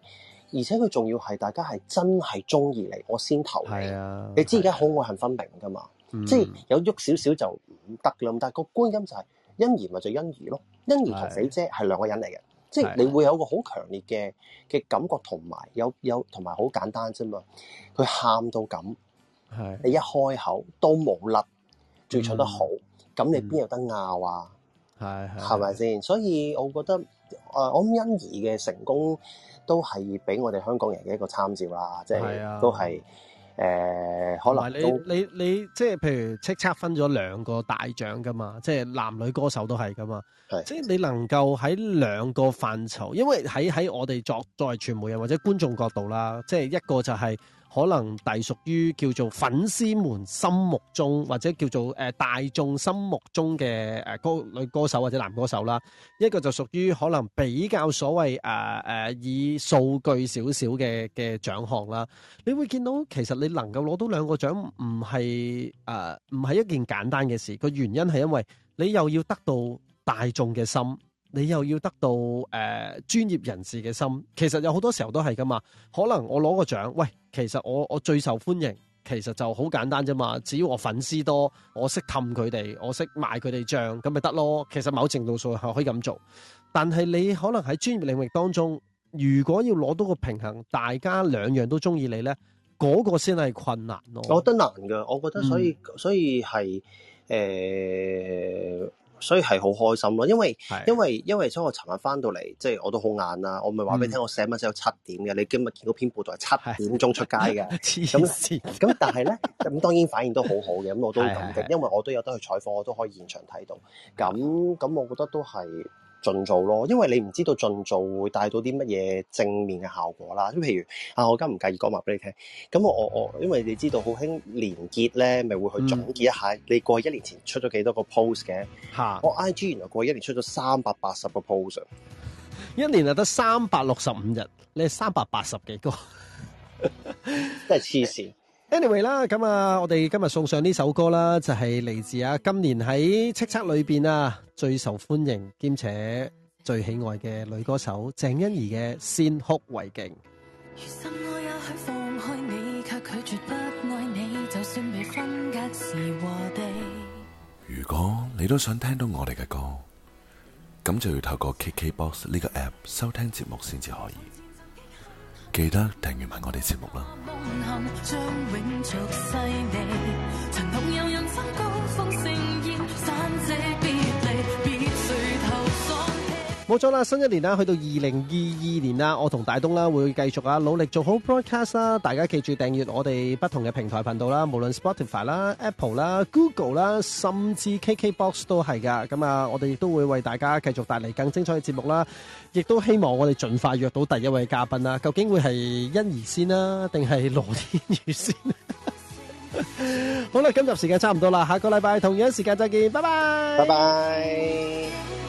而且佢仲要係大家係真係中意你，我先投你。的你知而家好愛恨分明噶嘛？是的是的即係有喐少少就唔得咁大。嗯、但個觀音就係、是、欣宜咪就欣宜咯，欣宜同肥姐係兩個人嚟嘅。即係你會有個好強烈嘅嘅感覺，同埋有有同埋好簡單啫嘛。佢喊到咁，是的 你一開口都冇甩，最唱得好，咁、嗯、你邊有得拗啊？係咪先？是的 所以我覺得誒，我欣宜嘅成功都係俾我哋香港人嘅一個參照啦，即、就、係、是、都係。誒、呃，可能你你你即係譬如叱咤分咗兩個大獎噶嘛，即係男女歌手都係噶嘛，是的即係你能夠喺兩個範疇，因為喺喺我哋作作為傳媒人或者觀眾角度啦，即係一個就係、是。可能係屬於叫做粉絲們心目中或者叫做誒大眾心目中嘅誒歌女歌手或者男歌手啦。一個就屬於可能比較所謂誒誒以數據少少嘅嘅獎項啦。你會見到其實你能夠攞到兩個獎，唔係誒唔係一件簡單嘅事。個原因係因為你又要得到大眾嘅心。你又要得到誒、呃、專業人士嘅心，其實有好多時候都係噶嘛。可能我攞個獎，喂，其實我我最受歡迎，其實就好簡單啫嘛。只要我粉絲多，我識氹佢哋，我識賣佢哋帳，咁咪得咯。其實某程度上係可以咁做。但係你可能喺專業領域當中，如果要攞到個平衡，大家兩樣都中意你呢，嗰、嗰個先係困難咯。我覺得難噶，我覺得所以、嗯、所以係誒。呃所以係好開心咯，因為是的 因為因為所以我尋日翻到嚟，即係我都好晏啦。我咪話俾你聽，嗯、我寫文寫到七點嘅。你今日見到篇報導係七點鐘出街嘅，黐線。咁但係咧，咁 [laughs] 當然反應都好好嘅。咁我都感激，是的 因為我都有得去採訪，我都可以現場睇到。咁咁，我覺得都係。盡做咯，因為你唔知道盡做會帶到啲乜嘢正面嘅效果啦。咁譬如啊，我而家唔介意講埋俾你聽。咁我我我，因為你知道好興連結咧，咪會去總結一下、嗯、你過去一年前出咗幾多個 post 嘅。吓、啊、我 IG 原來過去一年出咗三百八十個 post，一年就得三百六十五日，你係三百八十幾個， [laughs] [laughs] 真係黐線。Anyway 啦，咁啊，我哋今日送上呢首歌啦，就係、是、嚟自啊今年喺叱咤裏邊啊最受歡迎兼且最喜愛嘅女歌手鄭欣宜嘅《先哭為敬》。如果你都想聽到我哋嘅歌，咁就要透過 KKBox 呢個 App 收聽節目先至可以。記得訂閱埋我哋節目啦！冇錯啦，新一年啦，去到二零二二年啦，我同大東啦會繼續啊努力做好 broadcast 啦，大家記住訂閱我哋不同嘅平台頻道啦，無論 Spotify 啦、Apple 啦、Google 啦，甚至 KKBox 都係噶。咁啊，我哋亦都會為大家繼續帶嚟更精彩嘅節目啦，亦都希望我哋盡快約到第一位嘉賓啦。究竟會係欣宜先啦，定係羅天宇先？好啦，今日時間差唔多啦，下個禮拜同樣時間再見，拜拜，拜拜。